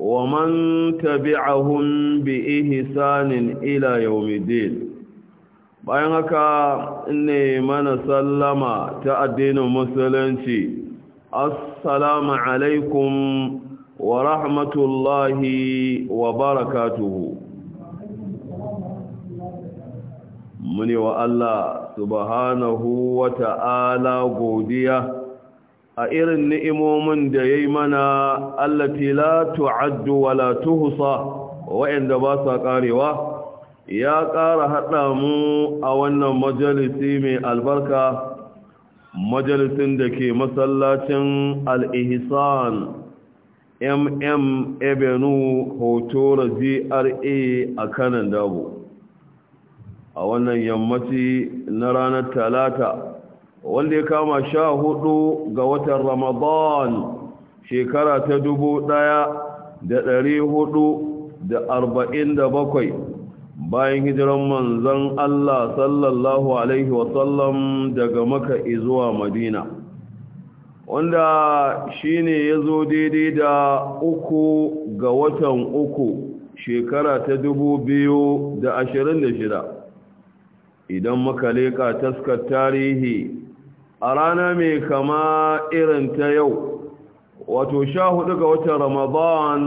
ومن تبعهم بإحسان إلى يوم الدين bayan haka ne mana sallama ta addinin musulunci assalamu alaikum wa rahmatullahi wa barakatuhu muni wa Allah subhanahu wa ta'ala godiya a irin ni'imomin da yayi mana allati la tu'addu wa la tuhsa ba sa karewa ya ƙara haɗa mu a wannan majalisi mai albarka majalisin da ke masallacin al mm ebenu hotora gra a kanan dabo a wannan yammaci na ranar talata wanda ya kama sha hudu ga watan ramadan shekara ta dubu daya da dari hudu da arba'in da bakwai bayan hijiran manzan Allah sallallahu Alaihi wasallam daga maka zuwa madina wanda shi ne ya zo daidai da uku ga watan uku shekara ta dubu biyu da ashirin da shida idan muka leƙa taskar tarihi a rana mai kama irin ta yau wato sha hudu ga watan ramadan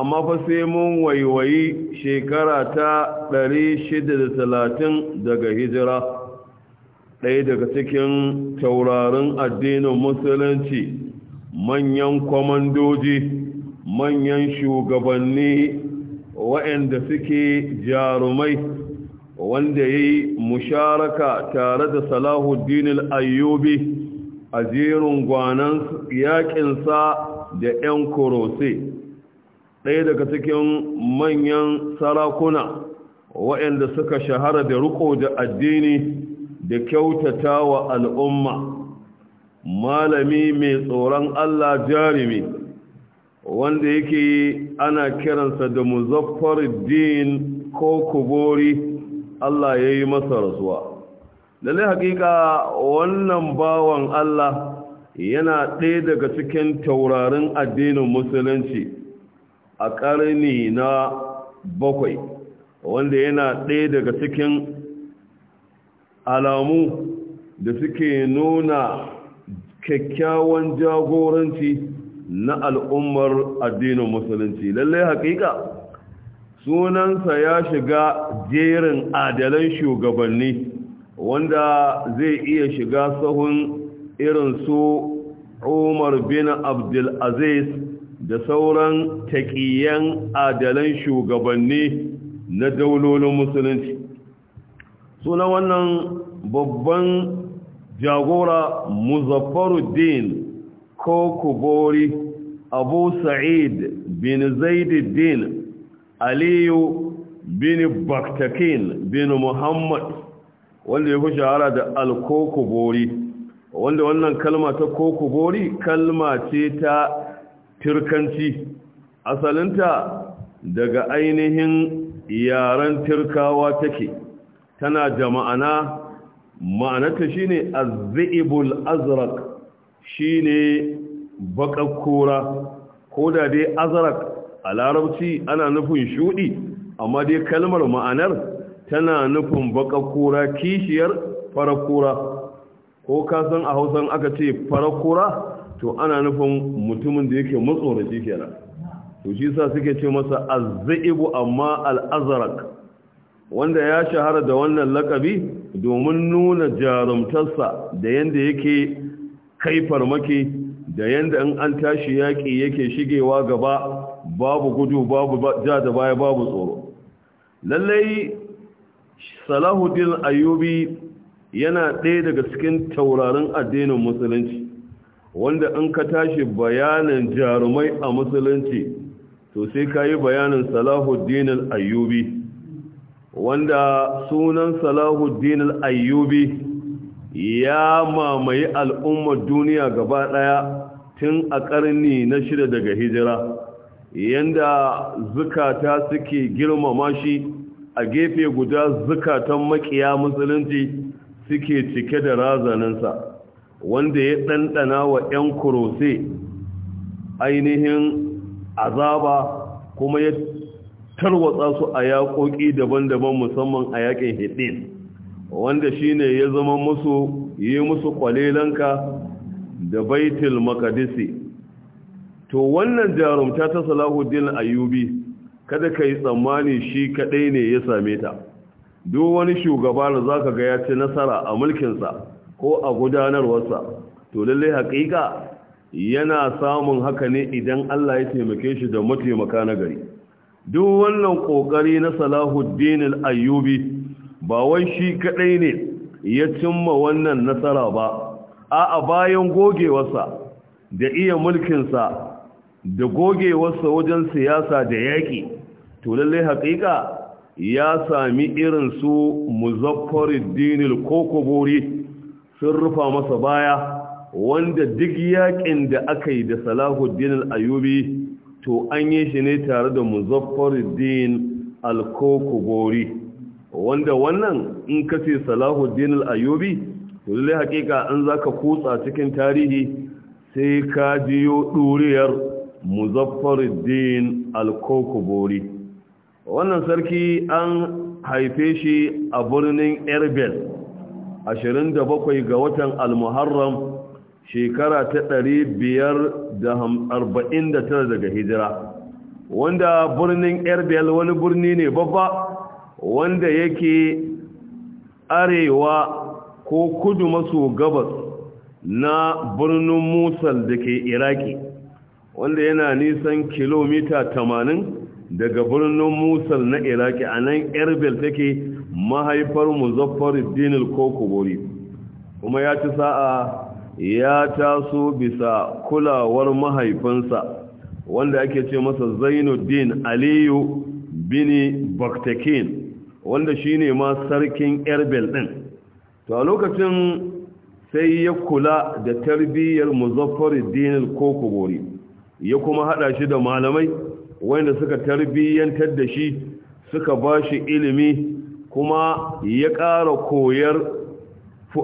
amma fa sai mun waiwayi shekara ta 630 daga hijira ɗaya daga cikin taurarin addinin musulunci manyan kwamandoji manyan shugabanni waɗanda suke jarumai wanda ya yi musharaka tare da salahuddin al’ayyobi a jerin gwanan yaƙinsa da 'yan korose ɗaya daga cikin manyan sarakuna waɗanda suka shahara da riko da addini da kyautata wa al'umma malami mai tsoron Allah jarumi, wanda yake ana kiransa da muzaffar din ko kubori Allah ya yi masa rasuwa lalle hakika wannan bawan Allah yana ɗaya daga cikin taurarin addinin musulunci a ƙarni na bakwai wanda yana ɗaya daga cikin alamu da suke nuna kyakkyawan jagoranci na al'ummar addinin musulunci Lallai haƙiƙa. sunansa ya shiga jerin adalan shugabanni wanda zai iya shiga sahun irin su Umar bin Abdulaziz da sauran taƙiyan adalan shugabanni na daulolin musulunci sunan wannan babban jagora muzaffaruddin ko abu sa'id bin zaiduddin aliyu bin baktakin bin muhammad wanda ya fi shahara da alkokobori wanda wannan kalma ta kokobori kalma ce ta turkanci asalinta daga ainihin yaren turkawa take tana da ma'ana ma'anarta shine az-zi'ibul azraq shine bakakura ko da dai azraq a larabci ana nufin shudi amma dai kalmar ma'anar tana nufin baka kura kishiyar farar kura ko kasan a hausan aka ce farar kura to ana nufin mutumin da yake matsoraci kenan to shi sa suke ce masa azzaibu amma al'azarak wanda ya shahara da wannan lakabi domin nuna jarumtarsa da yanda yake kai farmaki da yadda in an tashi yaƙi yake shigewa gaba babu gudu babu ja da baya babu tsoro lallai salahuddin ayyubi yana ɗaya daga cikin taurarin addinin musulunci wanda in ka tashi bayanin jarumai a musulunci to sai ka yi bayanin salahuddin ayyubi wanda sunan salahuddin ayyubi ya mamaye al'ummar duniya gaba ɗaya tun a ƙarni na shida daga hijira yanda zukata suke girmama shi a gefe guda zukatan makiya musulunci suke cike da razaninsa wanda ya ɗanɗana wa 'yan kurose ainihin azaba kuma ya tarwatsa su a yaƙoƙi daban-daban musamman a yaƙin hidin wanda shine ya zama musu yi musu kwalelanka da baitul makadisi to wannan jarumta ta salahuddin ayyubi kada ka yi tsammani shi kaɗai ne ya same ta duk wani shugaba da za ka ga ya ci nasara a mulkinsa ko a gudanarwarsa to lallai haƙiƙa yana samun haka ne idan Allah ya taimake shi da mataimaka na gari duk wannan ƙoƙari na salahuddin ayyubi ba wai shi kaɗai ne ya cimma wannan nasara ba a a bayan gogewarsa da iya mulkin sa. da gogewarsa wajen siyasa da yaƙi to lallai haƙiƙa ya sami irin su muzaffaruddinil kokobori sun rufa masa baya wanda duk yaƙin da aka yi da salahuddinil ayubi to an yi shi ne tare da muzaffaruddin alkokobori wanda wannan in ka ce salahuddinil ayubi to lallai haƙiƙa an za ka kutsa cikin tarihi sai ka jiyo ɗuriyar muzaffaruddin al-kokobori wannan sarki an haife shi a birnin erbel 27 ga watan al-muharram shekara ta 549 daga hijira wanda birnin erbel wani birni ne babba wanda yake arewa ko kudu maso gabas na birnin musul da ke iraki wanda yana nisan kilomita tamanin daga birnin musul na iraki a nan erbil take mahaifar muzaffar dinil kokobori kuma ya ci sa'a ya taso bisa kulawar mahaifinsa wanda ake ce masa zainuddin aliyu bini baktakin wanda shine ma sarkin erbil din to a lokacin sai ya kula da tarbiyyar muzaffar dinil kokobori ya kuma hada shi da malamai wanda suka tarbiyyantar da shi suka ba shi ilimi kuma ya ƙara koyar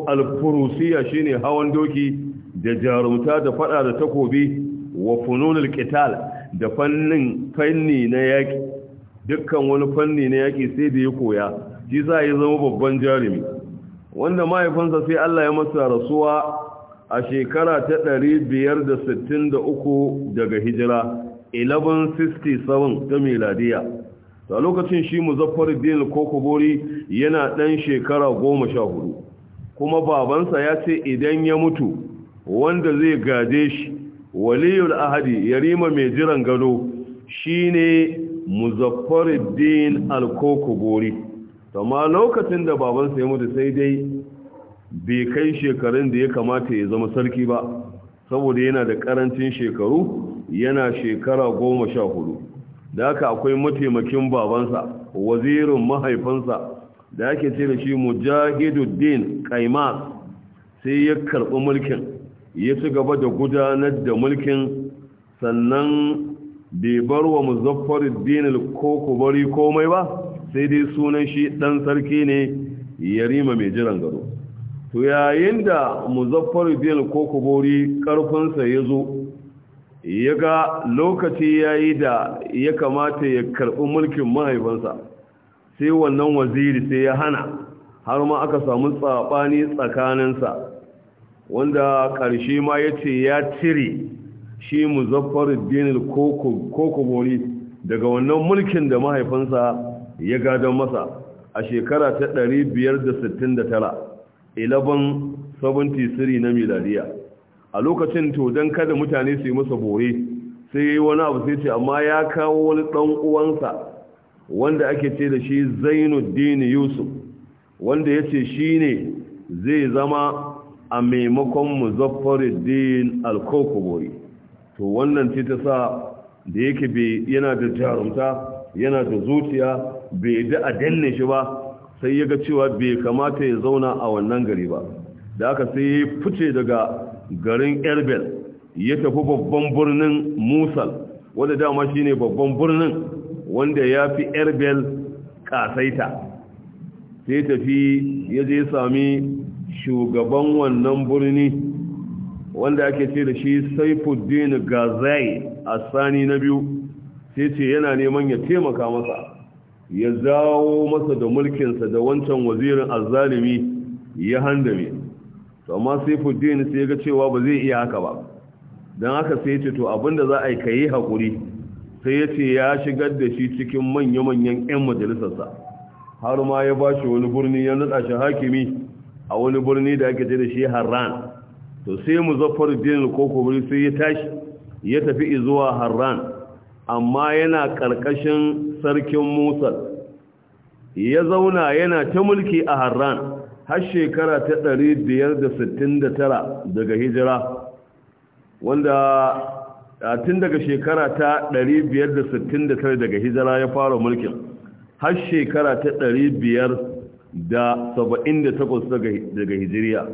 alfurusiya shine hawan doki da jarumta da fada da takobi wa fununul kital da fannin fanni na yaki dukkan wani fanni na yaƙi sai da ya koya shi za ya zama babban jarumi wanda mahaifinsa sai Allah ya masa rasuwa a shekara ta da 563 daga hijira 1167 ta miladiya a lokacin shi din kokobori yana ɗan shekara goma sha hudu, kuma babansa ya ce idan ya mutu wanda zai gaje shi waliyul ahadi yarima mai jiran gado shi ne shine din al-kokobori amma lokacin da babansa ya mutu sai dai bai kai shekarun da ya kamata ya zama sarki ba saboda yana da karancin shekaru yana shekara goma sha hudu da haka akwai mataimakin babansa wazirin mahaifansa da ake ce da shi mujahiduddin kaimas sai ya karɓi mulkin ya ci gaba da gudanar da mulkin sannan bai bar wa muzaffaruddin koko bari komai ba sai dai sunan shi ɗan sarki ne yarima mai jiran gado to yayin da muzaffar bil kokobori ƙarfinsa karfinsa ya zo ya ga lokaci ya yi da ya kamata ya karɓi mulkin mahaifinsa sai wannan waziri sai ya hana har ma aka samu tsabani tsakaninsa wanda ƙarshe ma ya ce ya cire shi muzaffar dinar kokobori daga wannan mulkin da mahaifinsa ya gadon masa a shekara ta 569 1173 na miladiya a lokacin to don kada mutane su yi masa bore sai ya yi wani abu sai ce amma ya kawo wani ɗan uwansa wanda ake ce da shi zainuddin yusuf wanda ya ce shi ne zai zama a maimakon muzaffaruddin alkokobori to wannan ce ta sa da yake yana da jarumta yana da zuciya bai da a danne shi ba sai ya ga cewa bai kamata ya zauna a wannan gari ba da aka sai ya fice daga garin erbil ya tafi babban birnin musal wadda dama shine babban birnin wanda ya fi erbil kasaita sai tafi ya je sami shugaban wannan birni wanda ake ce da shi saifuddin gazai a sani na biyu sai ce yana neman ya taimaka masa ya zawo masa da mulkinsa da wancan wazirin azzalimi ya handame to amma sai fuddin sai ya ga cewa ba zai iya haka ba don haka sai ya ce to abinda za a yi kayi haƙuri sai ya ce ya shigar da shi cikin manya-manyan 'yan majalisarsa har ma ya ba shi wani birni ya nutsa shi hakimi a wani birni da ake ce da shi harran to sai mu zafar din koko sai ya tashi ya tafi zuwa harran amma yana ƙarƙashin sarkin Musa ya zauna yana ta mulki a Harran har shekara ta 569 daga hijira wanda tun daga shekara ta 569 daga hijira ya fara mulkin har shekara ta 578 daga hijiriya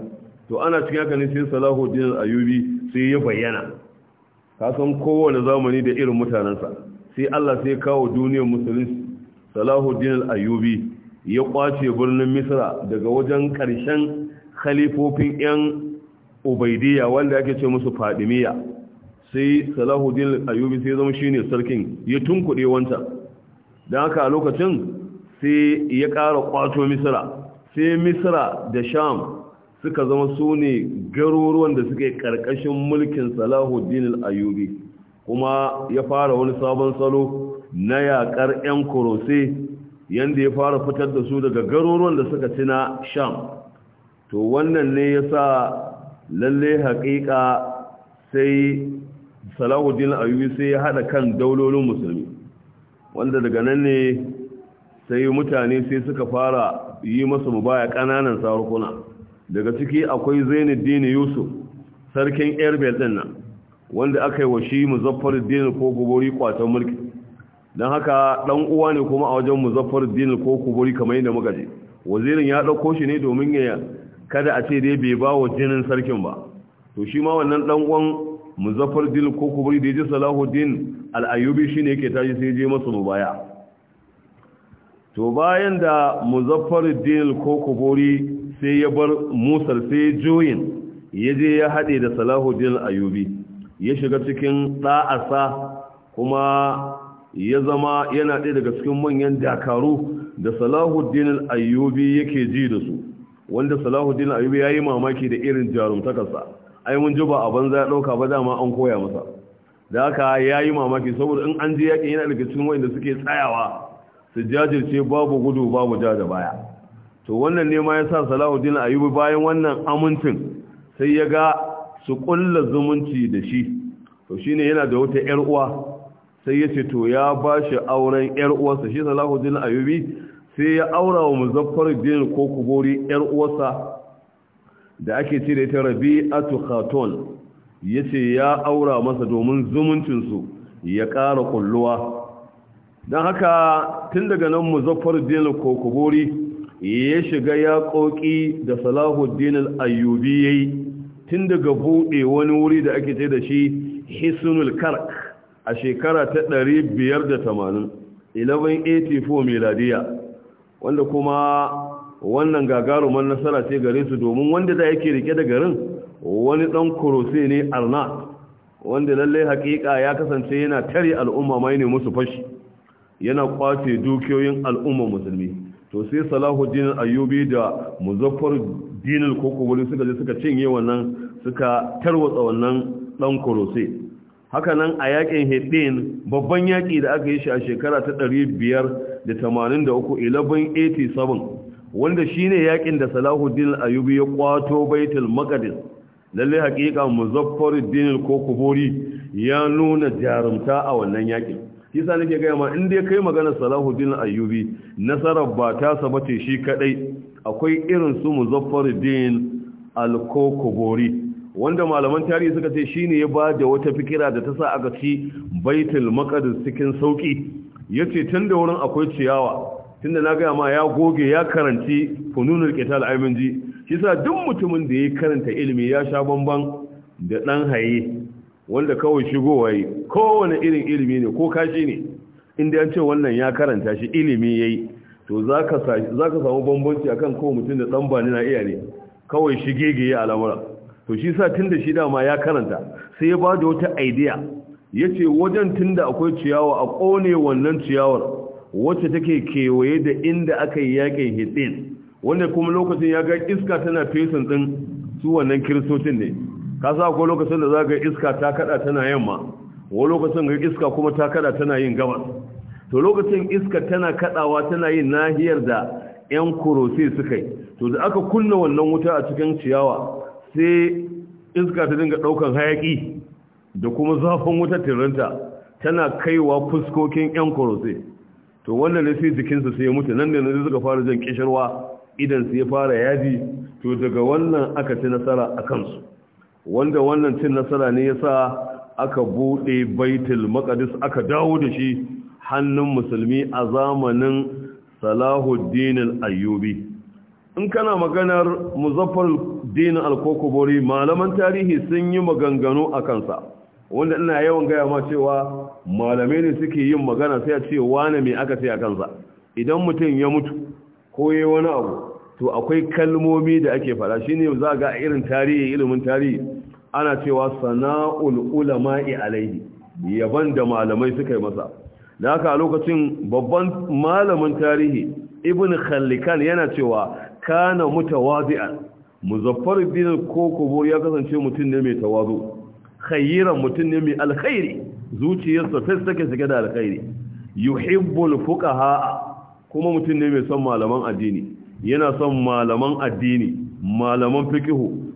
to ana cikin haka ne sai salahuddin ayyubi sai ya bayyana kasan kowane zamani da irin mutanensa sai Allah sai kawo duniyar musulunci Salahuddin al ya kwace birnin Misra daga wajen ƙarshen khalifofin 'yan Ubaidiyya wanda ake ce musu Fadimiyya sai Salahuddin al-Ayyubi sai zama shi ne sarkin ya tun kuɗe wancan dan haka a lokacin sai ya ƙara kwato Misra sai Misra da Sham suka zama su ne garuruwan da suke ƙarƙashin mulkin Salahuddin al kuma ya fara wani sabon salo na yaƙar 'yan kurose yadda ya fara fitar da su daga garuruwan da suka ci na sham to wannan ne ya sa lalle haƙiƙa sai salahuddin ayyubi sai ya haɗa kan daulolin musulmi wanda daga nan ne sai mutane sai suka fara yi masa mubaya ƙananan sarakuna daga ciki akwai zainuddin yusuf sarkin erbel ɗin nan wanda aka yi wa shi din ko kuburi kwatan mulki don haka dan uwa ne kuma a wajen muzaffar din ko kuburi kamar yadda muka je wazirin ya dauko shi ne domin ya kada a ce dai bai ba wa jinin sarkin ba to shi ma wannan dan uwan din ko kuburi da ya ji salahuddin al-ayyubi shine yake tashi sai je masa mubaya to bayan da muzaffar din ko kuburi sai ya bar musar sai joyin ya ya hade da salahuddin al-ayyubi ya shiga cikin ɗa'asa kuma ya zama yana ɗaya daga cikin manyan dakaru da salahuddin al'ayyubi yake ji da su wanda salahuddin al'ayyubi ya yi mamaki da irin jarumtakarsa ai mun ji ba a banza ya ɗauka ba dama an koya masa da haka ya yi mamaki saboda in an ji yakin yana daga cikin wanda suke tsayawa su jajirce babu gudu babu ja da baya to wannan ne ma ya sa salahuddin al'ayyubi bayan wannan amincin sai ya ga su kulla zumunci da shi to shine yana da wata yar uwa sai ya ce to ya ba shi auren yar uwarsa shi Salahuddin Ayyubi sai ya aura wa Muzaffaruddin ko Kubori yar uwarsa da ake cire da a Rabi'atu Khatun yace ya aura masa domin zumuncin su ya ƙara kulluwa don haka tun daga nan Muzaffaruddin ko Kubori ya shiga ya da Salahuddin Ayyubi yayi tun daga buɗe wani wuri da ake ce da shi hisunul kark a shekara ta da 580 1184 miladiya wanda kuma wannan gagarumar nasara ce gare su domin wanda da yake rike da garin wani ɗan kurose ne arnat wanda lallai hakika ya kasance yana tare al'umma mai ne musu fashi yana kwace dukiyoyin al'umma musulmi to sai salahuddin ayyubi da muzaffar dinul kokobuli suka je suka cinye wannan suka tarwatsa wannan ɗan kurose nan, a yakin hedin babban yaƙi da aka yi shi a shekara ta 583 1187 wanda shine yakin da Salahuddin Ayyubi ya kwato Baitul Maqdis lalle haƙiƙa Muzaffaruddin al-Kokobori ya nuna jarumta a wannan yakin kisa nake ga ma in dai kai magana Salahuddin Ayyubi nasarar ba ta sabace shi kadai akwai irin su Muzaffaruddin al-Kokobori wanda malaman tarihi suka ce shine ya ba da wata fikira da ta sa aka ci baitul maqdis cikin sauki yace tun da wurin akwai ciyawa tunda na gaya ma ya goge ya karanci fununul qital aiminji shi sa duk mutumin da ya karanta ilimi ya sha bamban da dan haye wanda kawai shigowa yi kowane irin ilimi ne ko kashi ne inda an ce wannan ya karanta shi ilimi yayi to zaka zaka samu bambanci akan kowa mutum da dan bani na iya ne kawai shigege ya al'amura to shi sa tun da shi dama ya karanta sai ya ba da wata idea ya ce wajen tun akwai ciyawa a ƙone wannan ciyawar wacce take kewaye da inda aka yi yakin hidin? wanda kuma lokacin ya ga iska tana fesin ɗin su wannan kiristocin ne ka sa akwai lokacin da za ga iska ta kada tana yamma wani lokacin ga iska kuma ta kada tana yin gabas to lokacin iska tana kadawa tana yin nahiyar da 'yan kurose suka yi to da aka kunna wannan wuta a cikin ciyawa sai iska ta dinga ɗaukar hayaki da kuma zafin wuta tiranta tana kaiwa fuskokin 'yan korose to wannan ne sai jikinsa sai ya mutu nan da nan suka fara jan kishirwa idan sai ya fara yaji to daga wannan aka ci nasara a kansu wanda wannan cin nasara ne ya sa aka buɗe baitul maqdis aka dawo da shi hannun musulmi a zamanin salahuddin al-ayyubi in kana maganar muzaffar dinin alkokobori malaman tarihi sun yi maganganu a kansa wanda ina yawan gaya ma cewa malamai ne suke yin magana sai a ce wane mai aka ce a kansa idan mutum ya mutu ko yi wani abu to akwai kalmomi da ake fara shi ne za ga irin tarihi ilimin tarihi ana cewa sana'ul ulama'i alaihi yaban da malamai suka yi masa da haka a lokacin babban malamin tarihi ibn khallikan yana cewa kana mutawazi'an muzaffar bin Kubur ya kasance mutum ne mai tawazu khayran mutum ne mai alkhairi zuciyarsa fes take sake da alkhairi yuhibbul fuqaha kuma mutum ne mai son malaman addini yana son malaman addini malaman fiqh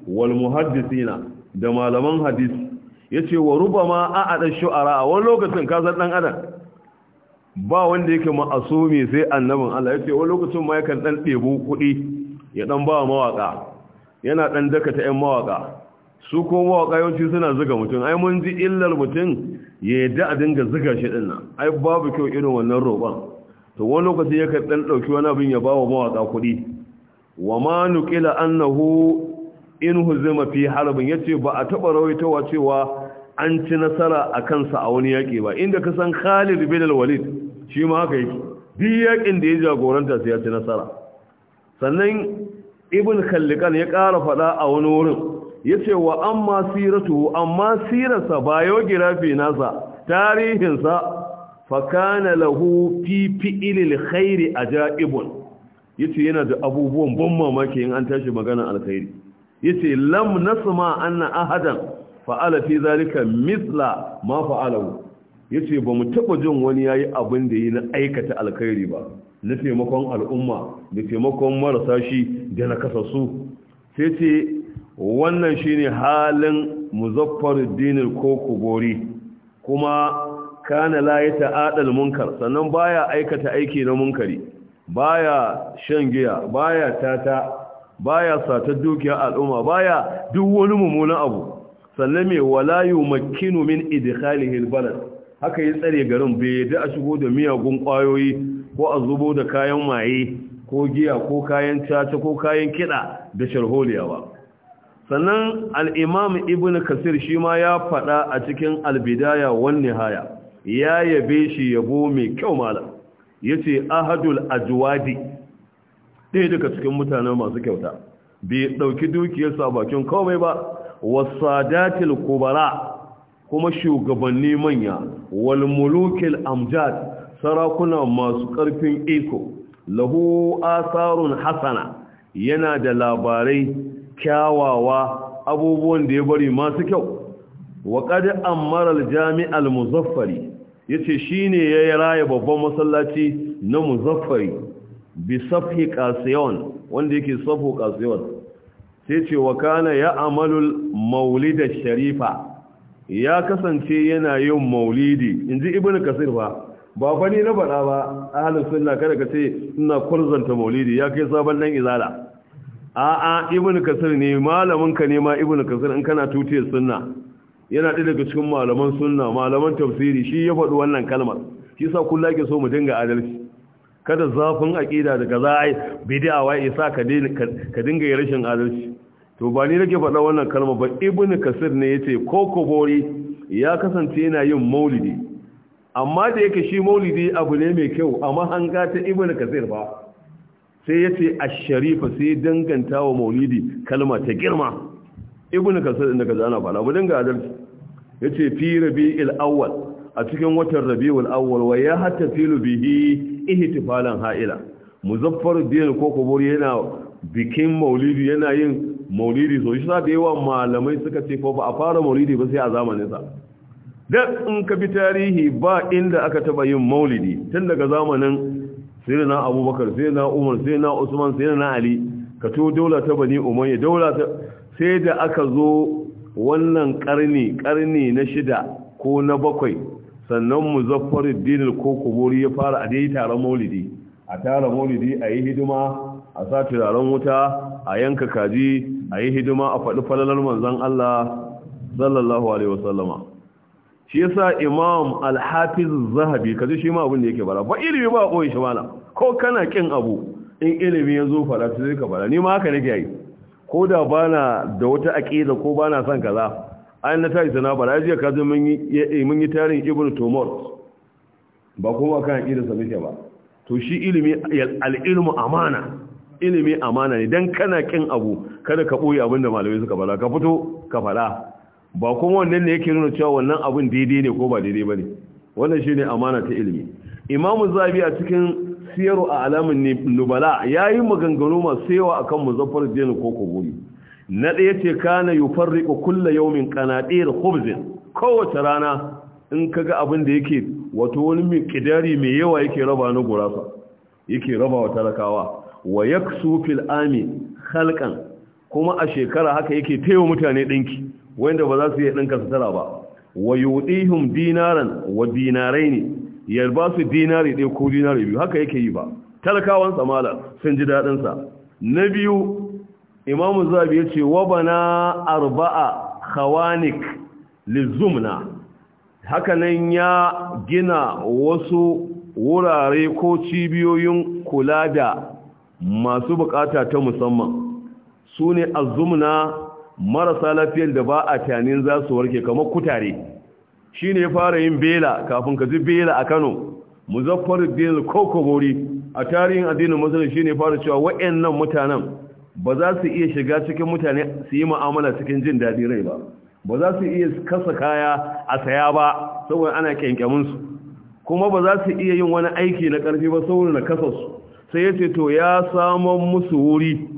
wal muhaddisina da malaman hadisi yace wa rubama ada shu'ara A wani lokacin ka san dan adam ba wanda yake ma'asumi sai annabin Allah yace wani lokacin ma yakan dan debo kuɗi ya dan ba mawaka yana ɗan dakata 'yan mawaƙa su ko mawaƙa yawanci suna zuga mutum ai mun ji illar mutum ya da a dinga zuga shi ɗin nan ai babu kyau irin wannan roƙon to wani lokaci ya ɗan ɗauki wani abin ya ba wa mawaƙa kuɗi wa ma nuƙila annahu in zama fi harbin ya ce ba a taɓa rawaitowa cewa an ci nasara a kansa a wani yaƙi ba inda ka san khalid bin walid shi ma haka yake duk yaƙin da ya jagoranta sai ya ci nasara sannan ibn kallikan ya ƙara faɗa a wani wurin ya ce wa amma siratu amma sirarsa biography nasa tarihinsa fakana lahu fi fi'ilil khairi ajaibun yace yana da abubuwan ban mamaki in an tashi magana alkhairi yace lam nasma anna ahadan fa'ala fi zalika mithla ma fa'alahu yace bamu taba jin wani yayi abin da yi na aikata alkhairi ba na taimakon al'umma da taimakon marasa shi da na kasassu sai ce wannan shine halin muzaffar dinin koko gori kuma kana layi ta ta'adal munkar sannan baya aikata aiki na munkari baya shan giya baya tata baya satar dukiyar al'umma baya duk wani mummunan abu sannan mai walayu makinu min idikhalihil balad haka yin tsare garin bai yadda a shigo da miyagun kwayoyi ko a zubo da kayan maye ko giya ko kayan caca ko kayan kiɗa da sharholiya ba sannan al'imam ibn kasir shi ma ya faɗa a cikin albidaya wani haya ya yabe shi yabo mai kyau malam ya ce ahadul ajuwadi ɗaya daga cikin mutanen masu kyauta bai ɗauki dukiyarsa bakin komai ba wasadatil kubara kuma shugabanni manya wal mulukil amjad sarakuna masu ƙarfin iko lahu asarun hasana yana da labarai kyawawa abubuwan da ya bari masu kyau wa qad ammara jamial muzaffari yace shine yi raya babban masallaci na muzaffari bi safhi qasiyon wanda yake safu qasiyon sai ce wa kana ya amalul maulid sharifa ya kasance yana yin maulidi inji ibnu kasir ba. ba fa ni na faɗa ba ahlus sunna kada ka ce ina kurzanta maulidi ya kai sabon dan izala a'a ibnu kasir ne malamin ka ne ma ibnu kasir in kana ya sunna yana ɗaya daga cikin malaman sunna malaman tafsiri shi ya faɗi wannan kalmar shi sa kullu ake so mu dinga adalci kada zafin aqida daga za ai bid'a wai isa ka ka dinga yi rashin adalci to ba ni nake faɗa wannan kalmar ba ibnu kasir ne yace ko kobori ya kasance yana yin maulidi amma da yake shi maulidi abu ne mai kyau amma hanga ta ibn kasir ba sai ya ce asharifa sai danganta wa maulidi kalma ta girma ibn kasir inda kaza zana fara budin ga adalci yace fi rabi'il awwal a cikin watan rabi'ul awwal wa ya hatta filu bihi ihtifalan ha'ila muzaffar din ko kubur yana bikin maulidi yana yin maulidi so shi sa da yawa malamai suka ce ko ba a fara maulidi ba sai a zamanin sa duk in ka bi tarihi ba inda aka taba yin maulidi tun daga zamanin sayyidina abubakar sayyidina umar sayyidina usman sayyidina ali ka to daula ta bani umayya daula ta sai da aka zo wannan karni karni na shida ko na bakwai sannan muzaffaruddin kokobori ya fara a dai taron maulidi a tara maulidi a yi hidima a sa turaren wuta a yanka kaji a yi hidima a faɗi falalar manzon Allah sallallahu alaihi wasallama shi yasa imam al-hafiz zahabi kaje shi ma abin da yake bara ba ilimi ba koyi shi mala ko kana kin abu in ilimi ya zo fara sai ka bara ni ma haka nake yi ko da bana da wata aqida ko bana son kaza ayin na tayi sana bara jiya ka zo mun yi mun yi tarin ibnu tumur ba kuma kan aqida sa muke ba to shi ilimi al-ilmu amana ilimi amana ne dan kana kin abu kada ka boye abinda malamai suka bara ka fito ka fara ba kuma wannan ne yake nuna cewa wannan abin daidai ne ko ba daidai ba ne wannan shi ne amana ta ilimi imamu zabi a cikin siyaru a alamun nubala ya yi maganganu masu yawa a kan muzaffar dini ko kogoli na ɗaya ce kana yi ko kulla yaumin kanaɗiyar hobzin kowace rana in ka ga abin da yake wato wani mai ƙidari mai yawa yake raba na gurasa yake raba wa talakawa wa ya fil ami halkan kuma a shekara haka yake taiwa mutane ɗinki wanda ba za su iya ɗinka tara ba wa yudihum dinaran wa ne ya ba su dinari ɗaya ko dinari biyu haka yake yi ba talakawan samala sun ji daɗinsa. na biyu imamu zabi ya ce wa bana arba'a khawanik lizumna haka nan ya gina wasu wurare ko cibiyoyin kula da masu bukata ta musamman su ne azumna marasa lafiyar da ba a tunanin za su warke kamar kutare shi ne fara yin bela kafin ka ji bela a kano muzaffar din Kokobori, a tarihin addinin musulun shi ne fara cewa wa'annan mutanen ba za su iya shiga cikin mutane su yi ma'amala cikin jin daɗi rai ba ba za su iya kasa kaya a saya ba saboda ana kyankyaminsu kuma ba za su iya yin wani aiki na ƙarfi ba saboda na kasa su. sai ya ce to ya samun musu wuri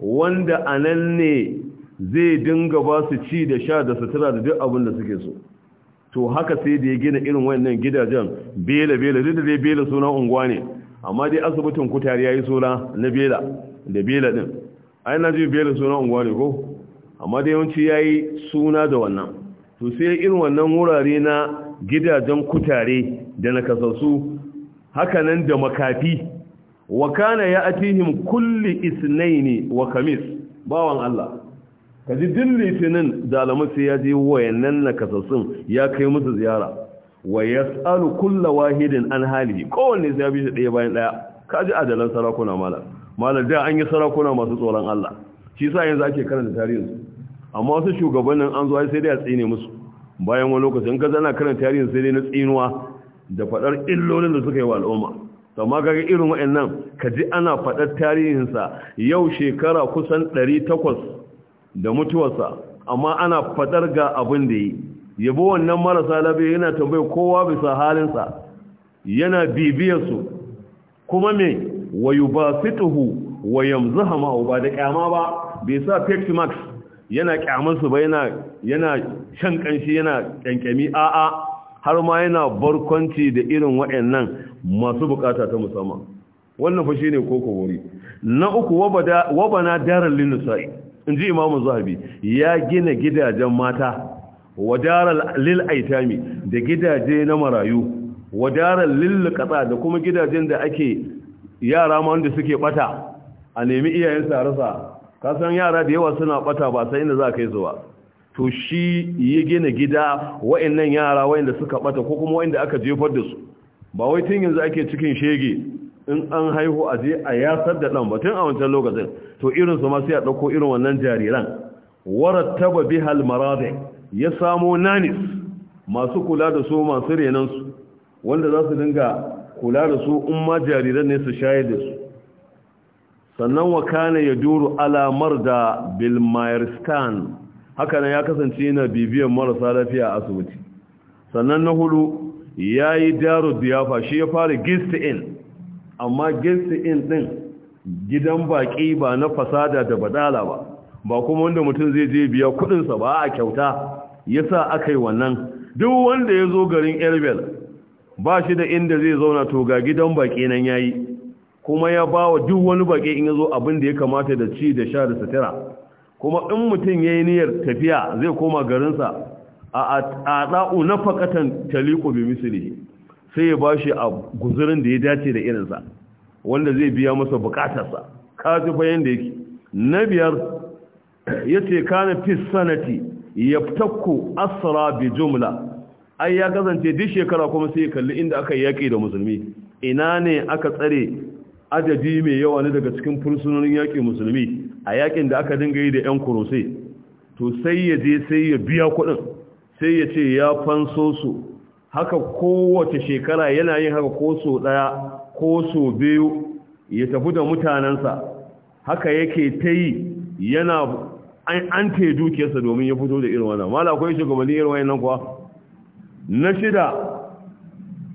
wanda a nan ne zai dinga ba su ci da sha da sutura da duk abin da suke so to haka sai da ya gina irin wannan gidajen bela bela duk da dai bela suna unguwa ne amma dai asibitin kutare yayi suna na bela da bela din ai na ji bela suna unguwa ne ko amma dai yawanci yayi suna da wannan to sai irin wannan wurare na gidajen kutare da nakasassu haka nan da makafi wa kana ya atihim kulli isnaini wa kamis bawan Allah Kaji ji litinin da sai ya je wayannan nakasassun ya kai musu ziyara wa yas'alu kulla wahidin an halihi kowanne sai ya bi shi ɗaya bayan ɗaya ka ji adalan sarakuna malam malam da an yi sarakuna masu tsoron Allah shi sa yanzu ake karanta tarihin su amma wasu shugabannin an zo sai dai a tsine musu bayan wani lokaci in ka zana karanta tarihin sai dai na tsinuwa da faɗar illolin da suka yi wa al'umma to amma kaga irin wayannan Kaji ji ana faɗar tarihinsa yau shekara kusan ɗari takwas. da mutuwarsa amma ana fadar ga abin da yi yabo wannan marasa labe yana tambaye kowa bisa halinsa yana bibiyarsu kuma me wayubasituhu wayamzaha ma ba da kyama ba bai sa fake max yana kyamarsu ba yana yana shan kanshi yana kyankyami a'a har ma yana barkwanci da irin waɗannan masu bukata ta musamman wannan fa shine koko wuri na uku wabana daral linusai in ji imamu zahabi ya gina gidajen mata wadarar lil'aitami da gidaje na marayu wadarar katsa da kuma gidajen da ake yara ma wanda suke bata a nemi iyayen sarasa kasan yara da yawa suna bata ba sai inda za ka yi zuwa to shi ya gina gida wa'annan yara wa'anda suka bata ko kuma wa'anda aka jefar da su ba wai tun yanzu ake cikin shege in an haihu a je a yasar da ɗan batun a wancan lokacin to irin su masu ya ɗauko irin wannan jariran Taba bihal marade ya samo nanis masu kula da su masu renansu wanda za su dinga kula da su in ma jariran ne su shayar da su sannan wa kane ya duru alamar da Haka hakanan ya kasance na bibiyan marasa lafiya a asibiti sannan na hudu ya yi daru diyafa shi ya fara gist in amma ginsi in din gidan baƙi ba na fasada da badala ba ba kuma wanda mutum zai je biya kudinsa ba a kyauta yasa aka yi wannan duk wanda ya zo garin erbel ba shi da inda zai zauna to ga gidan baƙi nan yayi kuma ya ba wa duk wani baƙi in ya zo abin da ya kamata da ci da sha da sutura kuma in mutum ya yi niyyar tafiya zai koma garinsa a ɗa'u na fakatan taliku bi misali sai ya bashi a guzurin da ya dace da irinsa wanda zai biya masa bukatarsa kaji bayan da yake na biyar ya ce kana fi sanati ya fitakku asara bi jumla ai ya kasance duk shekara kuma sai ya kalli inda aka yaƙi da musulmi ina ne aka tsare adadi mai yawa ne daga cikin fursunonin yaƙi musulmi a yaƙin da aka dinga yi da 'yan kurose to sai ya je sai ya biya kuɗin sai ya ce ya fanso su haka kowace shekara yana yin haka ko so ɗaya ko so biyu ya tafi da mutanensa haka yake ta yi yana an te dukiyarsa domin ya fito da irin wannan mala akwai shugabannin irin wannan kuwa na shida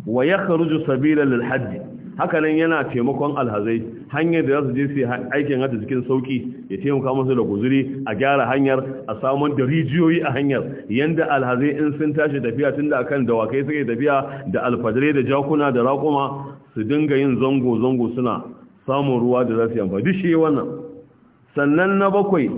wa ya kharuju sabila lil haddi hakanan yana taimakon alhazai hanyar da za su je su aikin hajji cikin sauki ya taimaka musu da guzuri a gyara hanyar a samun da rijiyoyi a hanyar yanda alhazai in sun tashi tafiya tun tunda kan dawakai suke tafiya da alfadare da jakuna da raƙuma su dinga yin zango zango suna samun ruwa da za su yamfa duk shi wannan sannan na bakwai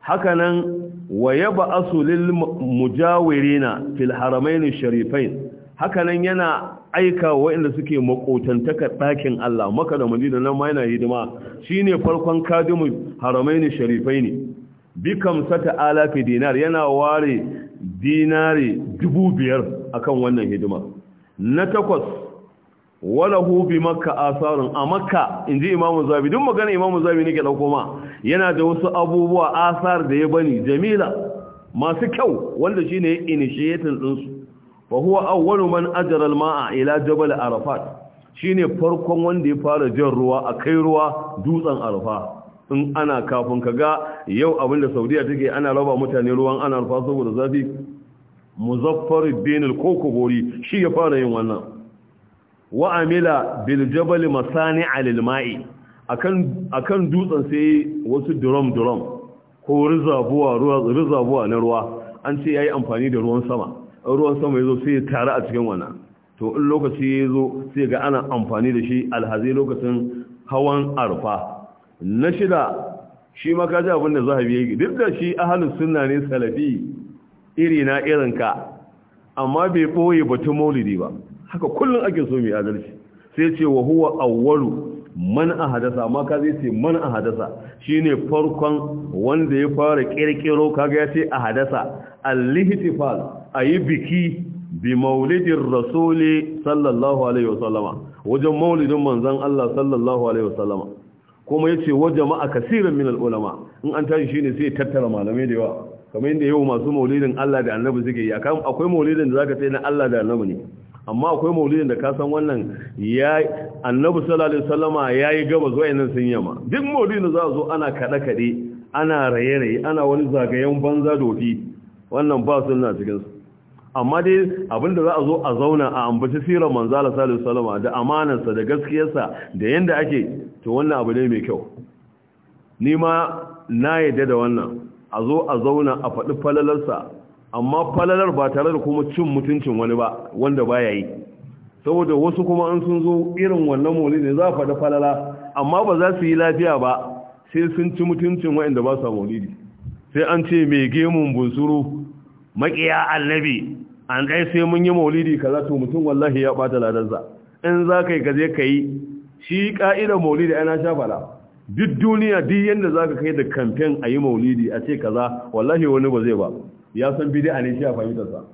hakanan wa ba asulil mujawirina fil haramain sharifain hakanan yana aika waɗanda suke makotantaka ɗakin Allah maka da madina nan ma yana hidima shine farkon kadimu haramaini ne. bikam sata alafi dinar yana ware dinari dubu biyar akan wannan hidima na takwas wala hu bi makka asarun a makka inji imamu zabi duk magana imamu zabi ke dauko ma yana da wasu abubuwa asar da ya bani jamila masu kyau wanda shine initiating din su fa huwa awwalu man ajra al-ma'a ila jabal arafat shine farkon wanda ya fara jan ruwa a kai ruwa dutsen arafa in ana kafin kaga yau abinda saudiya take ana raba mutane ruwan ana arfa saboda zafi muzafar al kokobori shi ya fara yin wannan wa amila bil jabal masani'a lil ma'i akan akan dutsen sai wasu drum drum ko rizabuwa ruwa rizabuwa na ruwa an ce yayi amfani da ruwan sama ruwan sama ya zo sai ya taru a cikin wannan to in lokaci ya zo sai ga ana amfani da shi alhazi lokacin hawan arfa na shida shi ma ka ji abin da zahabi yake duk da shi ahalin sunna ne salafi iri na ka. amma bai ɓoye batun maulidi ba haka kullum ake so mai adalci sai ce wa huwa awwalu man ahadasa amma ka zai ce man ahadasa shine farkon wanda ya fara kirkiro kaga ya ce ahadasa al-ihtifal a yi biki bi maulidin rasuli sallallahu alaihi wasallama wajen maulidin manzan Allah sallallahu alaihi wasallama kuma ya ce wajen ma'a kasirin min al'ulama in an tashi shi ne sai tattara malamai da yawa kamar yadda yau masu maulidin Allah da annabi suke yi akwai maulidin da zaka ce na Allah da annabi ne amma akwai maulidin da ka san wannan ya annabi sallallahu alaihi wasallama yayi gaba zuwa yanzu sun ma. duk maulidin da za zo ana kada kade ana raye raye ana wani zagayen banza dofi wannan ba sunna cikin su amma dai abinda za a zo a zauna a ambaci sirar manzala salisu salama da amanarsa da gaskiyarsa da yadda ake to wannan abu ne mai kyau ni ma na yadda da wannan a zo a zauna a faɗi falalarsa amma falalar ba tare da kuma cin mutuncin wani ba wanda ba yi saboda wasu kuma an sun zo irin wannan moli ne za a faɗi falala amma ba za su yi lafiya ba sai sun ci mutuncin waɗanda ba sa maulidi sai an ce mai gemun bunsuru maƙiya annabi an ɗai sai mun yi maulidi kaza to mutum wallahi ya ɓata ladarsa in za ka yi ka je ka yi shi ƙa'idar maulidi ana sha fara duk duniya duk yadda za ka kai da kamfen a yi maulidi a ce kaza wallahi wani ba zai ba ya san bidi'a ne shi a fahimtarsa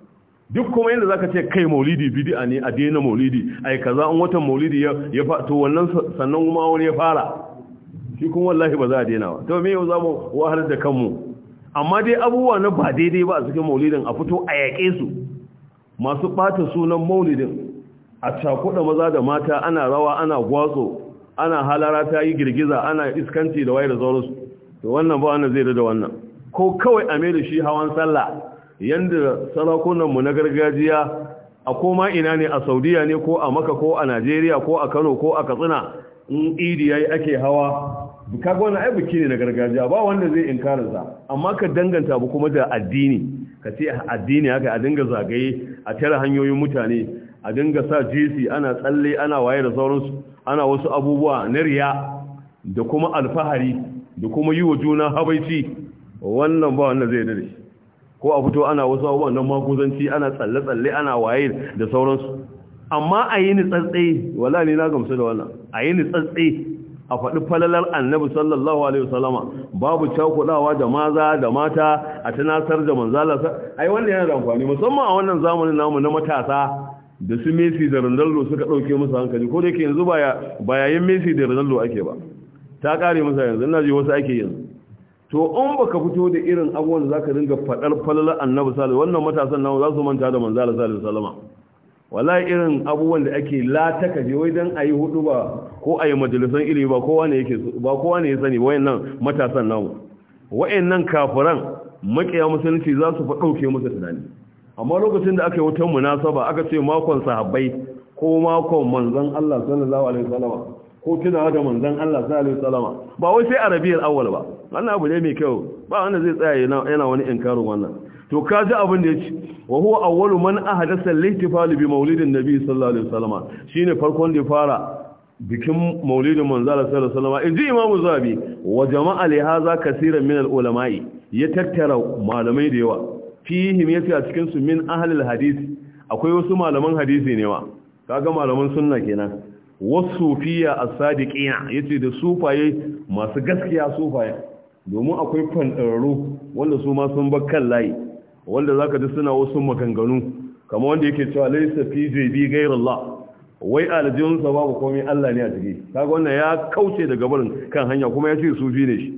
duk kuma yadda za ka ce kai maulidi bidi'a ne a daina maulidi a yi kaza in watan maulidi ya fa to wannan sannan kuma wani ya fara shi kuma wallahi ba za a daina ba to me yau za mu wahalar da kanmu amma dai abubuwa na ba daidai ba a cikin maulidin a fito a yaƙe su masu ɓata sunan maulidin a cakuɗa maza da mata ana rawa ana gwatso ana halara ta yi girgiza ana iskanci da wayar da to wannan ba wannan zai da wannan ko kawai a mai shi hawan sallah yanda mu na gargajiya a koma ina ne a saudiya ne ko a maka ko a najeriya ko a kano ko a katsina in idi ake hawa ka ga wannan aibuki ne na gargajiya ba wanda zai inkara sa amma ka danganta ba kuma da addini ka ce addini haka a dinga zagaye a tara hanyoyin mutane a dinga sa jisi ana tsalle ana waye da sauransu ana wasu abubuwa na riya da kuma alfahari da kuma yi wa juna habaici wannan ba wanda zai dare ko a fito ana wasu abubuwa na makuzanci ana tsalle-tsalle ana waye da sauransu amma a yi ni tsatse wala ne na gamsu da wannan a yi ni tsatse a faɗi falalar annabi sallallahu alaihi wasallama babu cakudawa da maza da mata a tunasar da manzala ai wannan yana da amfani musamman a wannan zamanin namu na matasa da su Messi da Ronaldo suka dauke musu hankali ko da yake yanzu ba ba yayin Messi da Ronaldo ake ba ta kare musu yanzu ina ji wasu ake yanzu to in baka fito da irin abubuwan da zaka dinga faɗar falalar annabi sallallahu wannan matasan namu za su manta da manzala sallallahu alaihi wasallama wallahi irin abubuwan da ake lataka je wai dan ayi hudu ba ko a yi majalisan ilimi ba kowa ne ya sani nan matasan namu nan kafiran makiya musulunci za su faɗauke musu tunani amma lokacin da aka yi wutan munasaba aka ce makon sahabbai ko makon manzan Allah sallallahu alaihi wasallam ko tunawa da manzan Allah sallallahu alaihi wasallam ba wai sai arabiyar awwal ba wannan abu ne mai kyau ba wanda zai tsaya yana wani inkarin wannan to ka ji abin da yace wa huwa awwalu man ahdatha al-ihtifal bi maulidin nabi sallallahu alaihi wasallam shine farkon da fara bikin maulidin manzala sallallahu alaihi wasallam inji imamu zabi wa jama'a li hadha kaseeran min al-ulama'i ya tattara malamai da yawa fihim yace a cikin su min al hadith akwai wasu malaman hadisi ne wa kaga malaman sunna kenan wasu fiya as-sadiqina yace da sufaye masu gaskiya sufaye domin akwai fandarru wanda su ma sun bar kan layi wanda zaka ji suna wasu maganganu kamar wanda yake cewa laysa fi jaybi ghayrullah wai aljihunsa babu komai Allah ne a ciki kaga wannan ya kauce daga barin kan hanya kuma ya ce sufi ne shi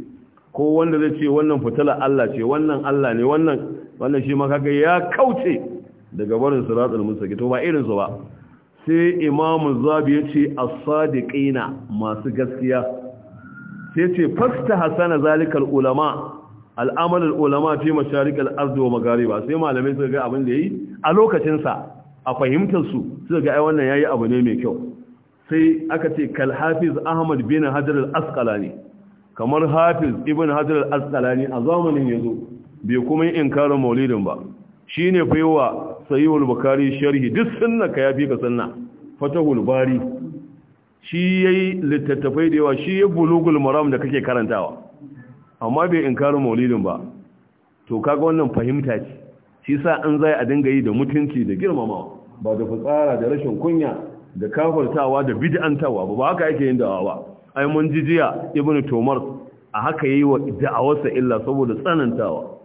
ko wanda zai ce wannan fitila Allah ce wannan Allah ne wannan wannan shi ma kaga ya kauce daga barin siratul mustaqim to ba irin su ba sai imamu zabi ya ce as-sadiqina masu gaskiya sai ce fasta hasana zalikal ulama al'amal ulama fi masharikal ardi wa magariba sai malamai suka ga abin da yi a lokacin sa a fahimtar su ga ai wannan yayi abu ne mai kyau sai aka ce kal hafiz ahmad bin hajar al-asqalani kamar hafiz ibn hajar al-asqalani a zamanin yazo bai kuma yi inkarin maulidin ba shine fa yawa sahihul bukhari sharhi duk sunna ka yafi ka sunna fatahul bari shi yayi littattafai da yawa shi ya bulugul maram da kake karantawa amma bai inkarin maulidin ba to kaga wannan fahimta ce shi sa an zai a dinga yi da mutunci da girmama ba da fitsara da rashin kunya da kafartawa da bid'antawa ba ba haka yake yin da'awa ba ai mun jijiya ibn tomar a haka yi wa da'awarsa illa saboda tsanantawa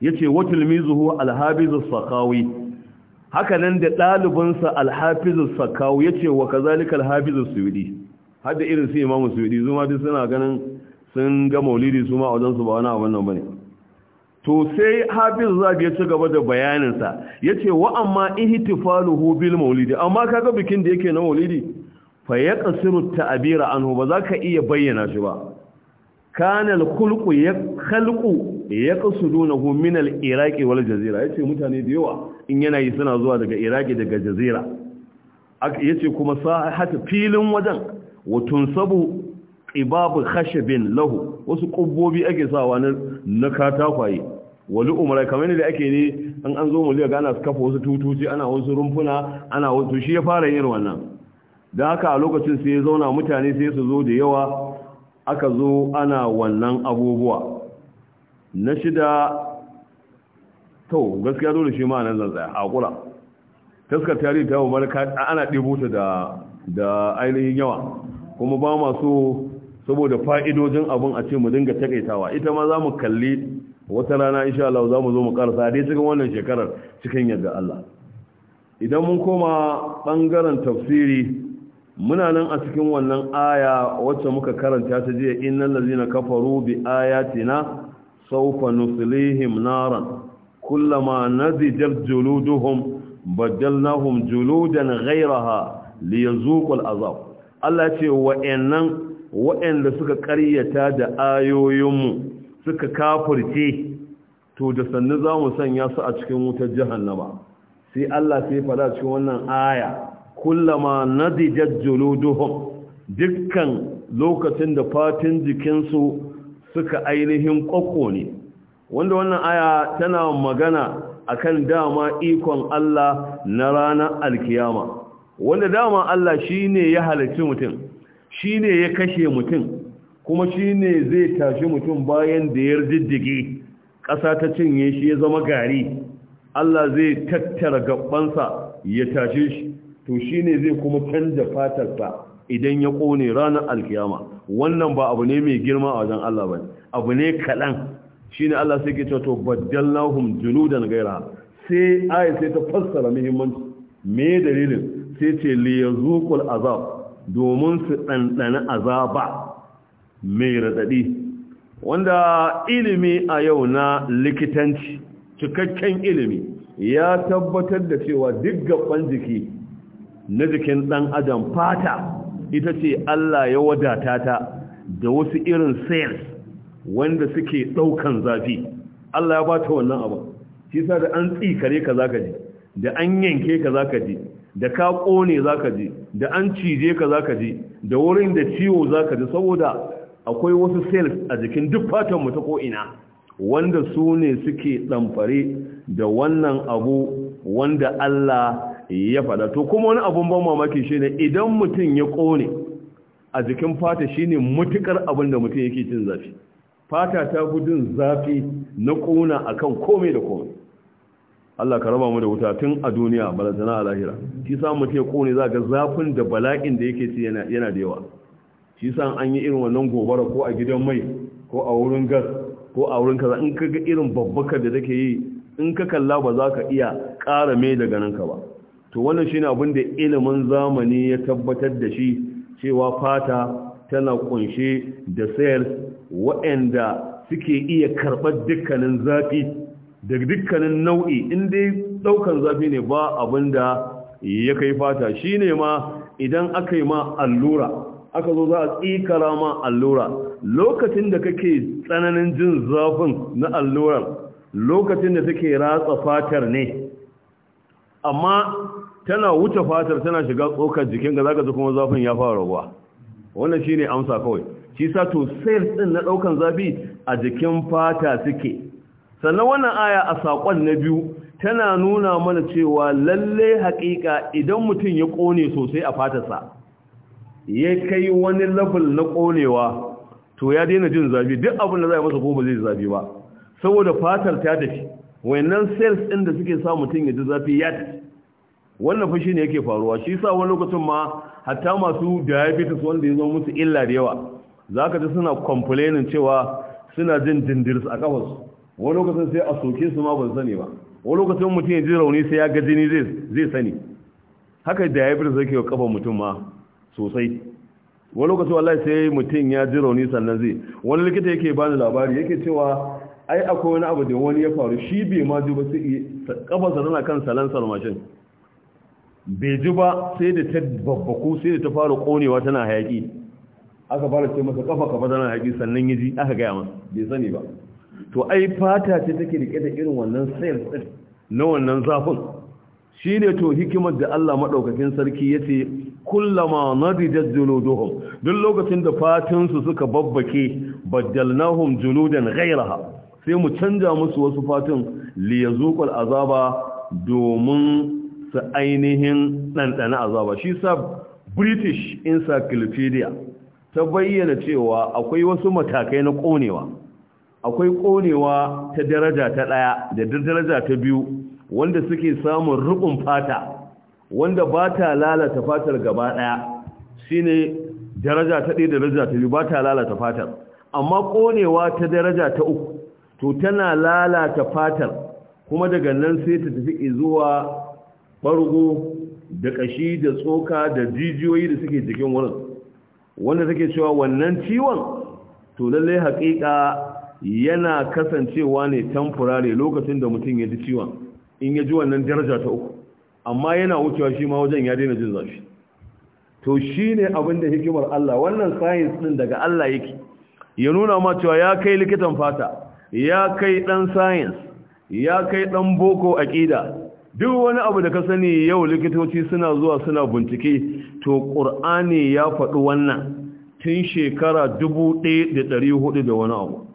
yace wa tilmizuhu alhabiz as-sakawi haka nan da dalibin sa hafiz as-sakawi yace wa kazalika al-hafiz as-suyudi hadda irin su imamu suyudi zuma duk suna ganin sun ga maulidi zuma a wajen su ba wani abin nan bane to sai hafiz zabi ya ci gaba da bayanin sa yace wa amma ihtifaluhu bil maulidi amma kaga bikin da yake na maulidi fa ya kasiru anhu ba za ka iya bayyana shi ba kanal khulqu ya khalqu ya qasudunahu min al iraqi wal jazira yace mutane da yawa in yana yi suna zuwa daga iraqi daga jazira yace kuma sahata filin wajen wa tunsabu qibab khashabin lahu wasu kubbobi ake sawa na katakwaye wali umara kamar da ake ne an an zo muliya gana su kafa wasu tutuci ana wasu rumfuna ana wasu shi ya fara yin wannan da haka a lokacin sai ya zauna mutane sai su zo da yawa aka zo ana wannan abubuwa na shida to gaskiya dole shi ma nan zanzaya hakura taskar tarihi ta umarka ana ɗebo ta da da ainihin yawa kuma ba ma so saboda fa'idojin abin a ce mu dinga takaitawa ita ma za mu kalli wata rana insha Allah za mu zo mu karasa dai cikin wannan shekarar cikin yadda Allah idan mun koma bangaren tafsiri muna nan a cikin wannan aya wacce muka karanta ta jiya innal ladzina kafaru bi ayatina sawfa nuslihim naran kullama nadijat juluduhum badalnahum juludan ghayraha liyazuqul azab Allah ce wa'annan wa'anda suka karyata da ayoyinmu suka kafirce to da sannu za mu sanya su a cikin wutar jahannama sai Allah sai fada cikin wannan aya kullama nadijat juluduhum dukkan lokacin da fatin jikinsu suka ainihin kokko ne wanda wannan aya tana magana akan dama ikon Allah na ranar alkiyama wanda dama Allah shine ya halarci mutum shine ya kashe mutum kuma shi ne zai tashi mutum bayan da ya jiddige ƙasa ta cinye shi ya zama gari Allah zai tattara gabansa ya tashi shi to shi ne zai kuma canza fatarsa idan ya ƙone ranar alkiyama wannan ba abu ne mai girma a wajen Allah ba abu ne kaɗan shi ne Allah sai ke cewa to baddallahum junudan gaira sai ayi sai ta fassara muhimmanci me dalilin sai ce liyazuqul azab domin su ɗanɗana azaba mai radadi wanda ilimi a yau na likitanci cikakken ilimi ya tabbatar da cewa duk gaban jiki na jikin dan adam fata ita ce Allah ya wadata ta da wasu irin cells wanda suke daukan zafi Allah ya bata wannan abu shi sa da an tsikare ka zaka ji da an yanke ka zaka ji da ka kone zaka ji da an cije ka zaka ji da wurin da ciwo zaka ji saboda akwai wasu cells a jikin duk fatan mu ta ko'ina wanda su ne suke ɗamfare da wannan abu wanda Allah ya faɗa to kuma wani abun ban mamaki shi idan mutum ya kone, a jikin fata shine ne mutukar abin da mutum yake cin zafi fata ta gudun zafi na ƙona akan komai da komai Allah ka raba mu da wuta tun a duniya balazana a lahira shi sa mutum ya ƙone za ga zafin da bala'in da yake ci yana da yawa shi sa an yi irin wannan gobara ko a gidan mai ko a wurin gas ko a wurin kaza in ka ga irin babbakar da take yi in ka kalla ba za ka iya ƙara mai daga nan ka ba to wannan shine abin da ilimin zamani ya tabbatar da shi cewa fata tana kunshe da sayar waɗanda suke iya karɓar dukkanin zafi da dukkanin nau'i in dai ɗaukan zafi ne ba abin da ya kai fata shine ma idan aka yi ma allura aka zo za a tsikara ma allura lokacin da kake tsananin jin zafin na allurar lokacin da take ratsa fatar ne amma tana wuce fatar tana shiga tsokar jikin ga zaka ji kuma zafin ya fara raguwa wannan shine amsa kawai shi sa to sai din na daukan zafi a jikin fata suke sannan wannan aya a sakon na biyu tana nuna mana cewa lalle haƙiƙa idan mutum ya kone sosai a fatarsa ya kai wani level na konewa to ya daina jin zafi duk abin da za a masa ko ba zai zafi ba saboda fatar ta tafi wayannan cells din da suke sa mutum ya ji zafi ya tafi wannan fa shine yake faruwa shi sa wani lokacin ma hatta masu diabetes wanda ya zo musu illa da yawa zaka ji suna complaining cewa suna jin dindirs a su. wani lokacin sai a soke su ma ban sani ba wani lokacin mutum ya ji rauni sai ya ga jini zai sani haka diabetes yake wa kafar mutum ma sosai wani lokaci wallahi sai mutum ya ji rauni sannan zai wani likita yake bani labari yake cewa ai akwai wani abu da wani ya faru shi bai ma ji ba sai kafa tana kan salansar mashin bai ji ba sai da ta babbaku sai da ta fara konewa tana hayaki aka fara ce masa kafa kafa tana hayaki sannan ya aka gaya masa bai sani ba to ai fata ce take rike da irin wannan sayar na wannan zafin shi ne to hikimar da Allah maɗaukakin sarki ya ce kullama nadijar juluduhum don lokacin da fatinsu suka babbake baddalnahum juludan ghairaha sai mu canja musu wasu fatin liyazuqal azaba domin su ainihin ɗanɗana azaba shi sa British Encyclopedia ta bayyana cewa akwai wasu matakai na ƙonewa akwai ƙonewa ta daraja ta ɗaya da daraja ta biyu wanda suke samun rukun fata wanda ba ta lalata fatar gaba ɗaya shine daraja ta ɗaya daraja ta biyu ba ta lalata fatar amma ƙonewa ta daraja ta uku to tana lalata fatar kuma daga nan sai ta tafi zuwa ɓargo da ƙashi da tsoka da jijiyoyi da suke jikin wurin wanda take cewa wannan ciwon to lallai haƙiƙa yana kasancewa ne tamfurare lokacin da mutum ya ji ciwon in ya ji wannan daraja ta uku amma yana wucewa shi ma wajen ya daina jin zafi to shi ne abin da hikimar Allah wannan science ɗin daga Allah yake ya nuna ma cewa ya kai likitan fata ya kai ɗan science ya kai ɗan boko aƙida duk wani abu da ka sani yau likitoci suna zuwa suna bincike to qur'ani ya faɗi wannan tun shekara hudu da wani abu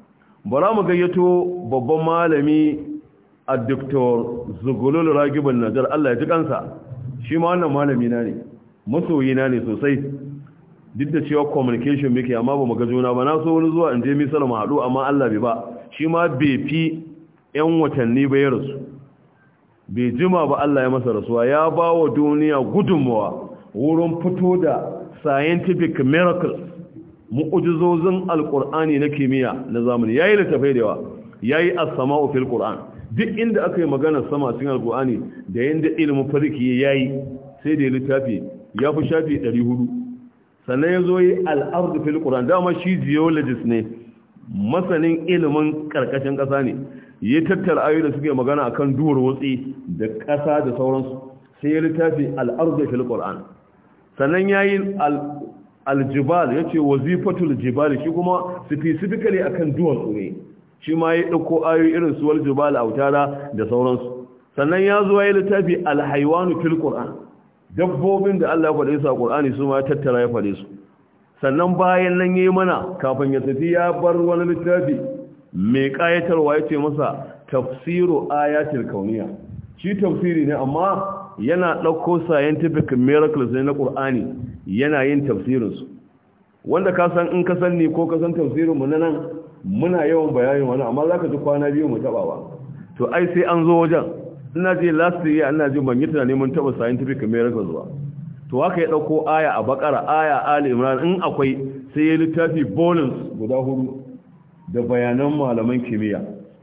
bara mu gayyato babban malami a doktor zugulul ragibin najar Allah ya ji kansa shi ma wannan malami na ne masoyi ne sosai duk da cewa communication muke amma ba mu ga juna ba na so wani zuwa in je misal mu haɗu amma Allah bai ba shi ma bai fi yan watanni ba ya rasu bai jima ba Allah ya masa rasuwa ya ba wa duniya gudunmawa wurin fito da scientific miracle. mu'ujizozin alkur'ani na kimiyya na zamani yayi littafai da yawa yayi as-sama'u fil qur'an duk inda aka yi magana sama cikin alkur'ani da yadda ilimin fariki ya yi sai da ya littafi ya fi shafi 400 sannan ya zo yi al'arzu fil qur'an dama shi geologist ne masanin ilimin ƙarƙashin ƙasa ne ya tattara ayu da suke magana a kan duwar wutsi da ƙasa da sauransu sai ya littafi al'arzu fil sannan ya yi aljibal ya ce wazifatul jibal shi kuma specifically akan duwatsu ne shi ma ya ɗauko ayoyi irin su wal autara da sauransu sannan ya zuwa ya littafi alhaywanu fil qur'an dabbobin da Allah ya faɗe su a qur'ani su ma ya tattara ya faɗe su sannan bayan nan yayi mana kafin ya tafi ya bar wani littafi mai kayatarwa yace masa tafsiru ayatil kauniya shi tafsiri ne amma yana ɗauko scientific miracles ne na qur'ani yana yin tafsirinsu wanda ka san in ka san ni ko ka san tafsirinmu na nan muna yawan bayanin wani amma za ka ji kwana biyu mu taba ba to ai sai an zo wajen ina ce last year ina ji ban yi tunanin mun taba scientific america zuwa to haka ya dauko aya a bakara aya ali imran in akwai sai ya littafi bolins guda hudu da bayanan malaman kimiyya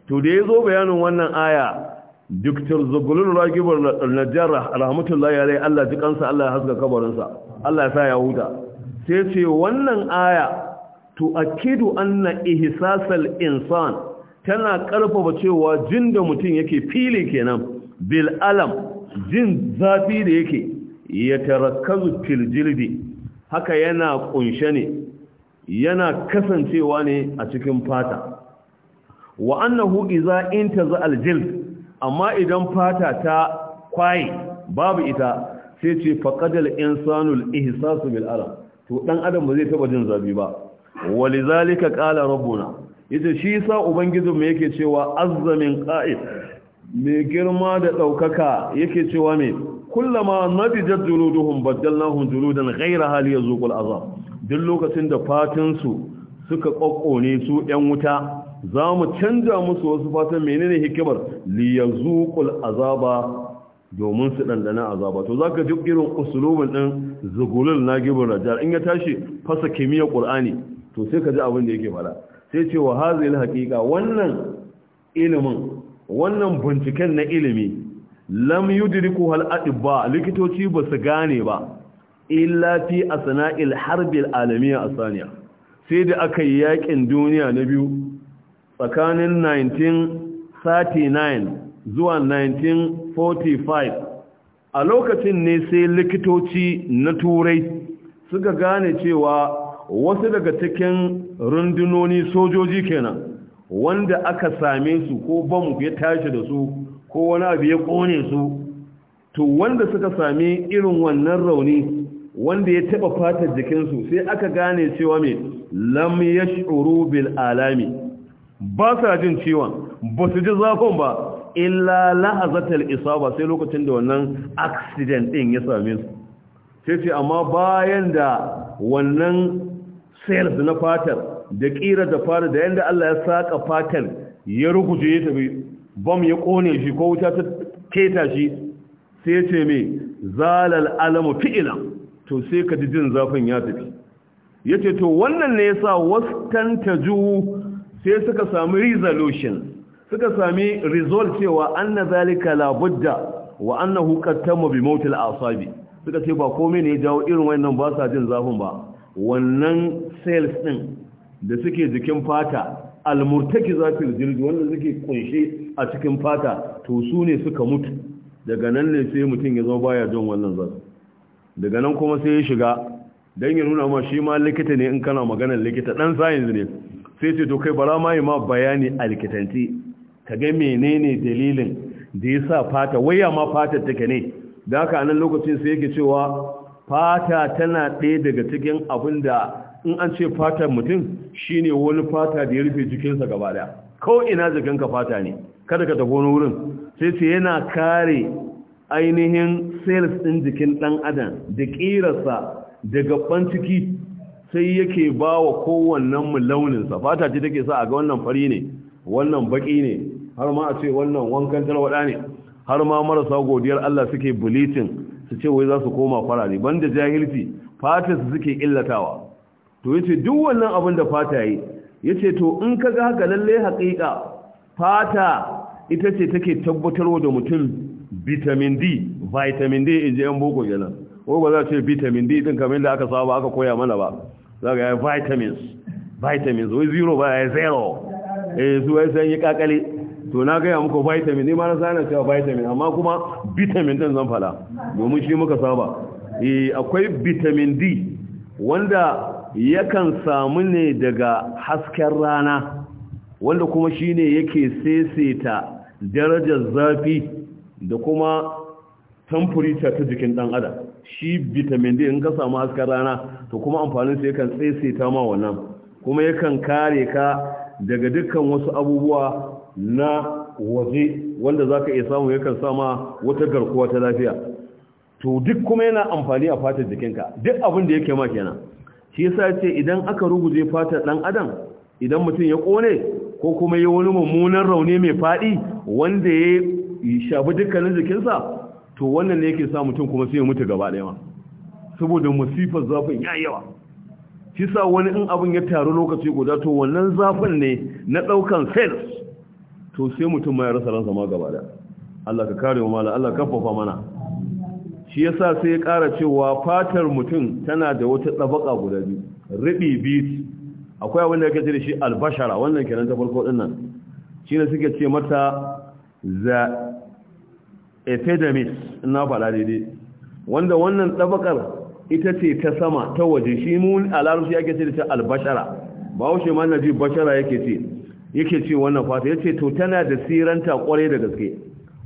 to da ya zo bayanin wannan aya Dr. Zagulun Ragibar Najjar rahmatullahi alai Allah ji kansa Allah ya haska kabarinsa Allah ya sa ya huta sai ce wannan aya tu'akkidu anna ihsasal insan tana karfafa cewa jin da mutum yake fili kenan bil alam jin zafi da yake ya tarakkazu fil jildi haka yana kunshe ne yana kasancewa ne a cikin fata wa annahu idza intaza al jild amma idan fata ta kwaye babu ita sai ce faqadal insanul ihsasu bil alam to dan adam ba zai taba jin zafi ba walizalika qala rabbuna yace shi yasa mu yake cewa azzamin qa'id mai girma da daukaka yake cewa me kullama nadijat juluduhum badalnahum juludan ghayraha liyazuqul azab duk lokacin da fatin su suka kokkone su ɗan wuta za mu canja musu wasu fatan menene hikimar liyazuqul azaba domin su dandana azaba to zaka duk irin usulubin ɗin zugulul na rajal in ya tashi fasa kimiyyar qur'ani to sai ka ji abin da yake fara sai ce wa hazil haqiqa wannan ilimin wannan binciken na ilimi lam yudriku hal adibba likitoci ba su gane ba illa fi asna'il harbil alamiya asaniya sai da aka yi yakin duniya na biyu tsakanin 1939 zuwa 1945 a lokacin ne sai likitoci na turai suka gane cewa wasu daga cikin rundunoni sojoji kenan wanda aka same su ko bam ya tashi da su ko wani abu ya kone su to wanda suka sami irin wannan rauni wanda ya taba fatar jikinsu sai aka gane cewa mai lam yash'uru bil alami ba sa jin ciwon ba su ji zafin ba illa lahazatul isaba sai lokacin da wannan accident din ya same su sai ce amma bayan da wannan sales na fatar da kira da fara da yadda Allah ya saka fatar ya rukuce ya tafi bam ya kone shi ko wuta ta keta shi sai ce mai zalal alamu fi'ila to sai ka ji jin zafin ya tafi ya ce to wannan ne ya sa ta juhu sai suka sami resolution suka sami result cewa anna zalika labudda wa an na hukatta mabimautar asabi suka ce ba komai ne ya jawo irin wannan ba sa jin zafin ba wannan cells din da suke jikin fata almurtaki zafil jirgi wanda suke kunshe a cikin fata to su ne suka mutu daga nan ne sai mutum ya zama baya jin wannan zafi daga nan kuma sai ya shiga don ya nuna ma shi ma likita ne in kana maganar likita dan science ne sai ce to kai bara ma yi ma bayani a likitanci ka ga menene dalilin da ya sa fata waya ma fata take ne da haka a nan lokacin sai yake cewa fata tana ɗaya daga cikin abin da in an ce fatar mutum shine wani fata da ya rufe jikinsa gaba daya ko ina jikinka fata ne kada ka tafi wani wurin sai ce yana kare ainihin sales ɗin jikin ɗan adam da ƙirarsa da gaban ciki sai yake ba wa kowannen mu launinsa fata ce take sa a ga wannan fari ne wannan baƙi ne har ma a ce wannan wankan talwaɗa ne har ma marasa godiyar Allah suke bulletin su ce wai za su koma farare banda jahilci fata su suke illatawa to yace duk wannan abin da fata yi yace to in kaga haka lalle haƙiƙa fata ita ce take tabbatarwa da mutum vitamin D vitamin D in ji an boko kenan ko ba za ce vitamin D din kamar da aka saba aka koya mana ba za ga vitamins vitamins wai zero ba ya zero eh su wai sai yi kakale to na gaya muku vitamin ne ma na sana cewa vitamin amma kuma vitamin din zan fada domin shi muka saba eh akwai vitamin D wanda yakan samu ne daga hasken rana wanda kuma shine yake seseta darajar zafi da kuma temperature ta jikin ɗan adam shi vitamin D in ka samu hasken rana to kuma amfanin sa yakan seseta ma wannan kuma yakan kare ka daga dukkan wasu abubuwa na waje wanda za ka iya samu yakan sama wata garkuwa ta lafiya to duk kuma yana amfani a fatar jikinka duk abin da yake ma kenan shi yasa ce idan aka ruguje fatar dan adam idan mutum ya kone ko kuma ya wani mummunan rauni mai faɗi wanda ya shafi dukkanin jikinsa to wannan ne yake sa mutum kuma sai ya mutu gaba ɗaya saboda musifar zafin ya yawa shi sa wani in abin ya taru lokaci guda to wannan zafin ne na ɗaukan sales to sai mutum ma ya rasa ransa ma gaba da Allah ka kare mu mala Allah ka kafafa mana shi yasa sai ya ƙara cewa fatar mutum tana da wata tsabaka guda biyu ribi bit akwai abin da yake ce da shi albashara wannan kenan ta farko din nan shine suke ce mata za epidermis, ina faɗa daidai wanda wannan tsabakar ita ce ta sama ta waje shi mun alarushi yake ake ce da ta albashara ba wuce ma naji bashara yake ce yake ce wannan fata yace to tana da siranta kwarai da gaske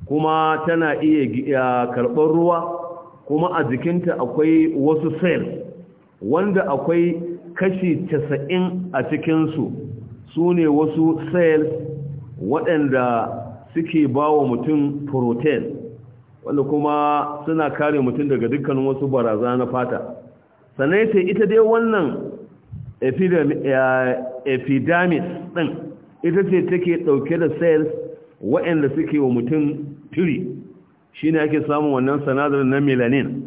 kuma tana iya karɓar ruwa kuma a jikinta akwai wasu sel wanda akwai kashi 90 a cikinsu su ne wasu sel waɗanda suke ba mutum protein wanda kuma suna kare mutum daga dukkan wasu baraza na fata sannan ita dai wannan epidermis ɗin ita ce take ɗauke da sales waɗanda suke wa mutum turi shi ne ake samun wannan sanadar na melanin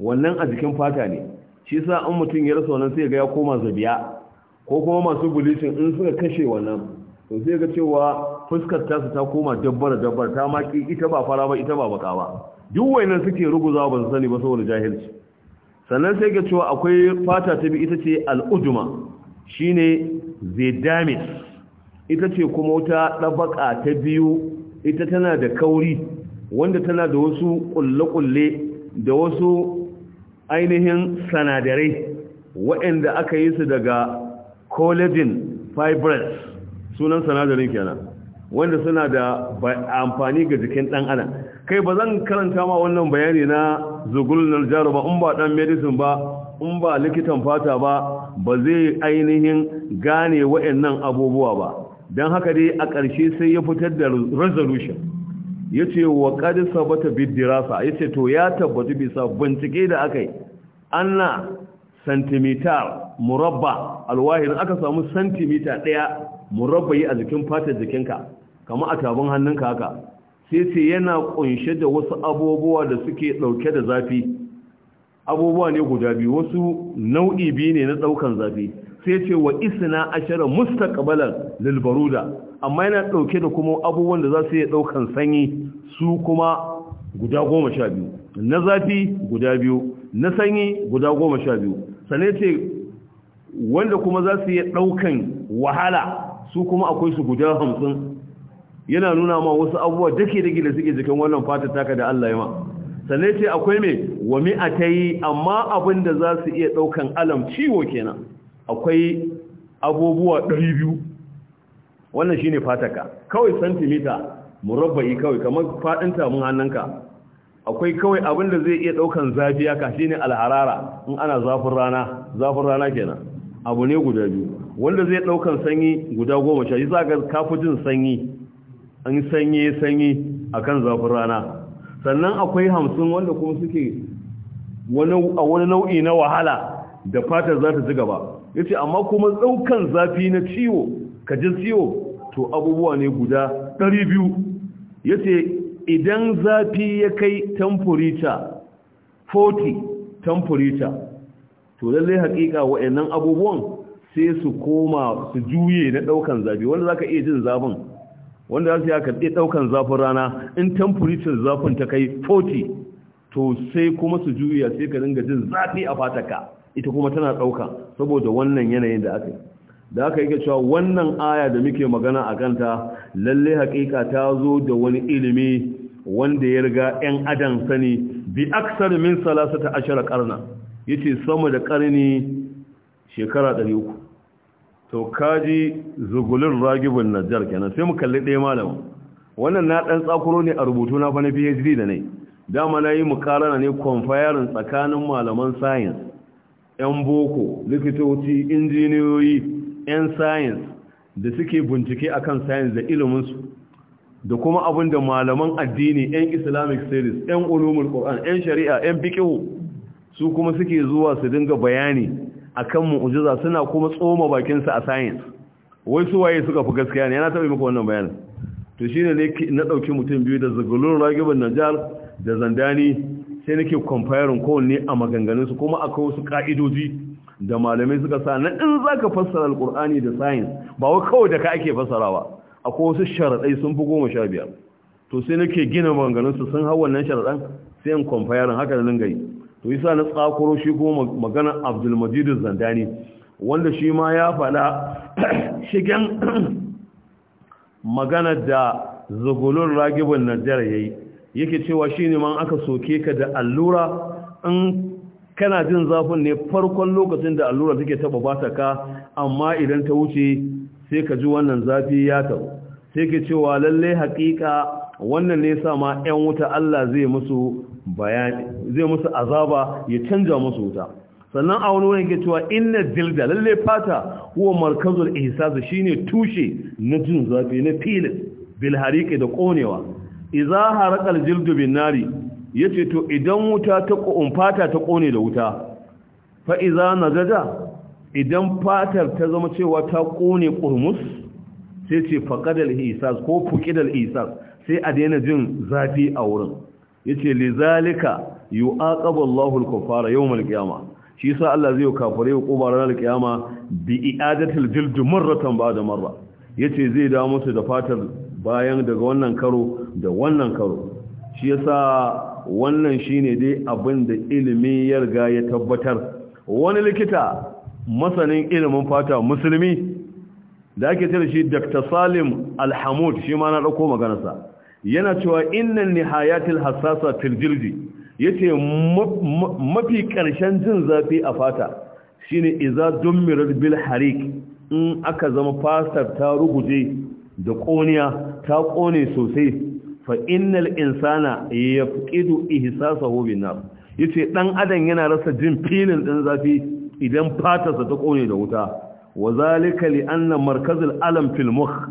wannan a jikin fata ne shi sa an mutum ya rasa wannan sai ga ya koma zabiya ko kuma masu bilicin in suka kashe wannan to sai ga cewa fuskar su ta koma dabbar dabbar ta maki ita ba fara ba ita ba baka ba duk wayannan suke ruguzawa ba su sani ba saboda jahilci sannan sai ga cewa akwai fata ta bi ita ce al'uduma shine zedamis ita ce kuma wuta ɗabaƙa ta biyu ita tana da kauri wanda tana da wasu ƙulle-ƙulle da wasu ainihin sanadarai waɗanda aka yi su daga collagen fibres sunan sanadarin kenan wanda suna da amfani ga jikin ɗan adam kai ba zan karanta ma wannan bayani na zugulnar jaro ba in ba ɗan medicine ba in ba likitan fata ba ba zai ainihin gane waɗannan abubuwa ba don haka dai a ƙarshe sai ya fitar da resolution ya ce wa ƙadi bata bidirasa ya ce to ya tabbatu bisa bincike da aka yi anna centimeter murabba alwahir aka samu santimita ɗaya murabba yi a jikin fatar jikinka kama a tabin hannunka haka sai ce yana ƙunshe da wasu abubuwa da suke ɗauke da zafi abubuwa ne guda biyu wasu nau'i biyu ne na ɗaukan zafi sai ce wa isna ashara mustaqbalan lil baruda amma yana dauke da kuma abubuwan da za su iya daukan sanyi su kuma guda 12 na zafi guda biyu na sanyi guda 12 sanai ce wanda kuma za su iya daukan wahala su kuma akwai su guda 50 yana nuna ma wasu abubuwa dake dake da suke jikin wannan fata taka da Allah ya ma sanai ce akwai me wa mi'atai amma abin da za su iya daukan alam ciwo kenan akwai abubuwa 200 wannan shine fataka kawai santimita murabba'i kawai kamar fadin tamun hannunka akwai kawai abinda zai iya daukan zafiya ka shine alharara in ana zafin rana zafin rana kenan abu ne guda biyu wanda zai daukan sanyi guda goma sha yi zaka kafin sanyi an sanyi sanyi akan zafin rana sannan akwai hamsin wanda kuma suke a wani nau'i na wahala da fatar za ta ci gaba yace amma kuma ɗaukan zafi na ciwo ka ji ciwo to abubuwa ne guda 200 yace idan zafi ya kai tamfurita 40 tamfurita to lallai hakika waɗannan abubuwan sai su koma su juye na ɗaukan zafi wanda za ka iya jin zafin wanda za su ya ɗe ɗaukan zafin rana in temperature zafin ta kai 40 to sai kuma su juya sai ka dinga jin zafi a fataka ita kuma tana ɗauka saboda wannan yanayin da aka yi da aka yi cewa wannan aya da muke magana a kanta lalle haƙiƙa ta zo da wani ilimi wanda ya riga 'yan adam sani bi aksar min salasata ashara karna yace sama da karni shekara 300 to kaji zugulin ragibin najjar kenan sai mu kalli ɗaya malam wannan na ɗan tsakuro ne a rubutu na fa na PhD da ne dama na yi mukarana ne kwamfayarin tsakanin malaman science 'yan boko likitoci injiniyoyi 'yan science da suke bincike akan science da iliminsu da kuma abin da malaman addini 'yan islamic studies 'yan ulumul Qur'an, 'yan shari'a 'yan fikihu su kuma suke zuwa su dinga bayani akan mu'ujiza suna kuma tsoma bakinsa a science wai su waye suka fi gaskiya ne yana taɓa maka wannan bayanin to shine ne na ɗauki mutum biyu da zagulun ragibin najal da zandani sai nake comparing kowanne a maganganun su kuma akwai wasu ka'idoji da malamai suka sa na in zaka fassara alqur'ani da science ba wai kawai da ka ake fassarawa akwai wasu sharadai sun fi goma sha biyar to sai nake gina maganganun su sun hau wannan sharadan sai in comparing haka da lingayi to yasa na tsakuro shi kuma magana Abdul Majid Zandani wanda shi ma ya faɗa shigen magana da zugulun ragibin najjar yayi yake cewa shine man aka soke ka da allura in kana jin zafin ne farkon lokacin da allura take taba bata ka amma idan ta wuce sai ka ji wannan zafi ya tabu sai ke cewa lalle haƙiƙa wannan ne sa ma 'yan wuta Allah zai musu bayani zai musu azaba ya canja musu wuta sannan a wani wurin ke cewa inna dilda lalle fata huwa markazul ihsas shine tushe na jin zafi na filin bil hariqi da konewa iza harakal jildu bin nari yace to idan wuta ta um, fata ta kone da wuta fa iza nazaja idan fatar ta zama cewa ta kone ƙurmus, sai ce faqadal isas ko fuqidal isas sai a daina jin zafi a wurin yace lizalika yu'aqabu Allahu al-kuffara yawmal qiyamah shi sa Allah zai kafare hukumar ranar qiyama bi i'adatil jild marratan ba'da marra yace zai da musu da fatar bayan daga wannan karo da wannan karo shi yasa wannan shine dai abin da ilimi ya riga ya tabbatar wani likita masanin ilimin fata musulmi da ake tare shi Dr. Salim Alhamud shi ma na dauko maganarsa yana cewa innal nihayatil hassasa til jildi yace mafi karshen jin zafi a fata shine idza dummirat bil harik in aka zama fatar ta ruguje da koniya ta kone sosai fa innal insana yafqidu ihsasahu bin nar yace dan adam yana rasa jin filin din zafi idan fatarsa ta kone da wuta wa zalika li anna markazul alam fil mukh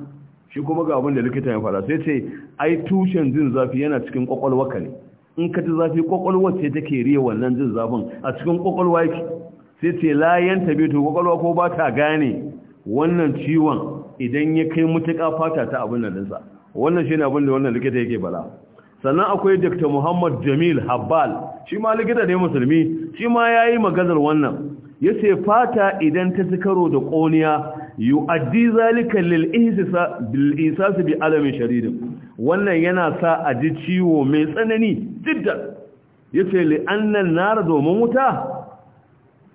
shi kuma ga abin da likita ya fara sai ce ai tushen jin zafi yana cikin kwakwalwarka in ka ji zafi kwakwalwar ce take riya wannan jin zafin a cikin kwakwalwa yake sai ce layan tabe to kwakwalwa ko ba ta gane wannan ciwon idan ya kai mutuƙa fata ta abin nan dinsa wannan shine abin da wannan likita yake bala sannan akwai Dr. Muhammad Jamil Habbal shi ma likita ne musulmi shi ma yayi maganar wannan yace fata idan ta ci karo da ƙoniya addi zalika lil bil bi alamin sharid wannan yana sa a ji ciwo mai tsanani jiddan yace li annan nar domin wuta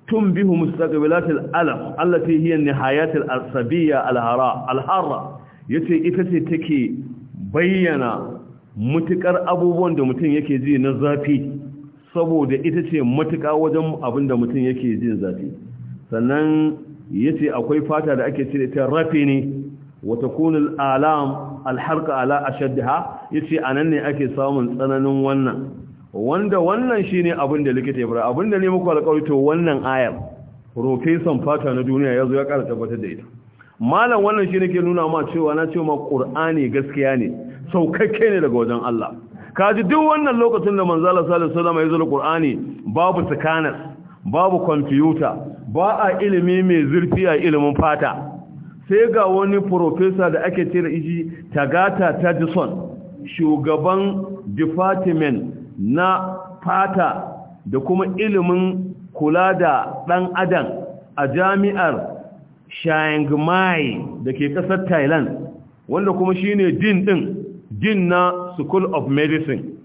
tun bihu mustaqbilatil alaf allati hiya nihayatil asabiyya alhara alhara yace ita ce take bayyana mutukar abubuwan da mutum yake ji na zafi saboda ita ce mutuka wajen abin da mutum yake jin zafi sannan yace akwai fata da ake cire ta rafini wa takunul alam alharqa ala ashaddaha yace nan ne ake samun tsananin wannan wanda wannan shine abin da likita ya fara abin da ne muku alƙawarto wannan ayar profesan fata na duniya ya zo ya ƙara tabbatar da ita malam wannan shine ke nuna ma cewa na ce ma ƙur'ani gaskiya ne saukakke ne daga wajen Allah kaji duk wannan lokacin da manzo Allah sallallahu alaihi wasallam ya zo qur'ani babu tsakanar babu kwamfiyuta, ba a ilimi mai zurfi a ilimin fata sai ga wani professor da ake cewa iji ishi tagata tajison shugaban department na fata da kuma ilimin kula da ɗan adam a jami'ar Chiang Mai da ke ƙasar Thailand wanda kuma shine din ɗin din na School of Medicine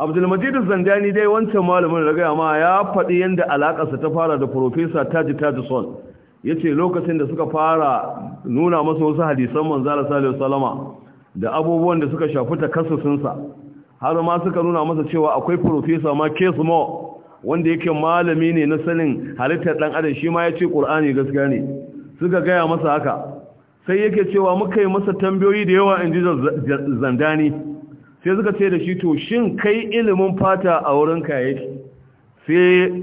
Abdulmajid Zandani dai wancan malamin da gaya ma ya faɗi yadda alaƙarsa ta fara da Profesa Taji Tajison ya ce lokacin da suka fara nuna masa wasu hadisan manzala Salihu Salama da abubuwan da suka shafi kasusunsa. har ma suka nuna masa cewa akwai profesa ma case Mo wanda yake malami ne na sanin halittar dan adam shi ma ya ce qur'ani gaskiya ne suka gaya masa haka sai yake cewa muka yi masa tambayoyi da yawa in ji zandani sai suka ce da shi to shin kai ilimin fata a wurin ka yake sai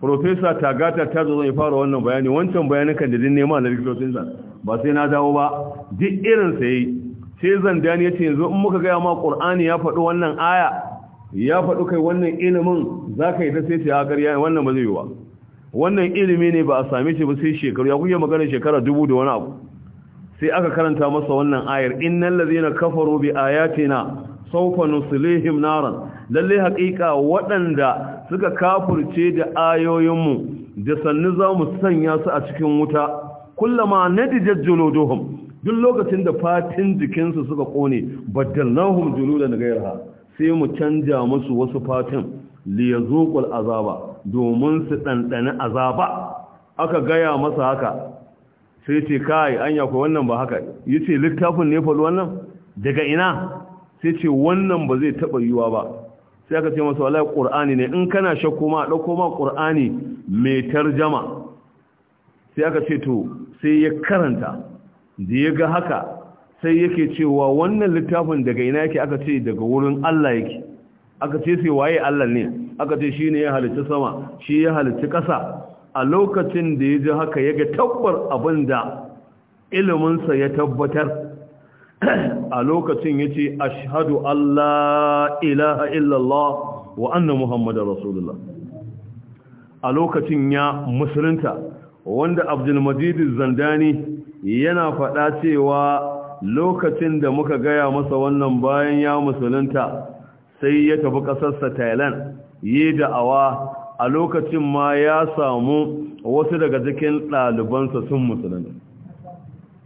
profesa tagata ta zo ya fara wannan bayani wancan bayanin kan da din nema na likitocin ba sai na dawo ba duk irin sai sai zandani yace yanzu in muka gaya ma qur'ani ya faɗi wannan aya ya faɗi kai wannan ilimin ka yi ta sai ta ƙarya wannan ba zai yi ba wannan ilimi ne ba a same shi ba sai shekaru ya kuke magana shekara dubu da wani abu sai aka karanta masa wannan ayar innal ladzina kafaru bi ayatina sawfa nuslihim naran lalle haƙiƙa waɗanda suka kafurce da ayoyinmu da sannu za mu sanya su a cikin wuta kullama nadijat juluduhum duk lokacin da fatin jikinsu suka kone baddalnahum juludan ghayraha sai mu canja musu wasu fatin liyazuqul azaba domin su dandane azaba aka gaya masa haka sai ce kai anya ko wannan ba haka yace littafin ne fa wannan daga ina sai ce wannan ba zai taba yiwa ba sai aka ce masa wallahi qur'ani ne in kana shakku ma dauko ma qur'ani mai tarjama sai aka ce to sai ya karanta da ya ga haka sai yake cewa wannan littafin daga ina yake aka ce daga wurin Allah yake aka ce sai waye Allah ne aka ce shine ya halitta sama shi ya halitta ƙasa a lokacin da ya ji haka ya tabbar abin da iliminsa ya tabbatar a lokacin yace ashhadu alla Allah illa illallah wa anna muhammadar rasulullah a lokacin ya musulunta wanda majid zandani yana faɗa cewa lokacin da muka gaya masa wannan bayan ya musulunta sai ya tafi ƙasarsa thailand yi da'awa a lokacin ma ya samu wasu daga cikin ɗalibansa sun musulunta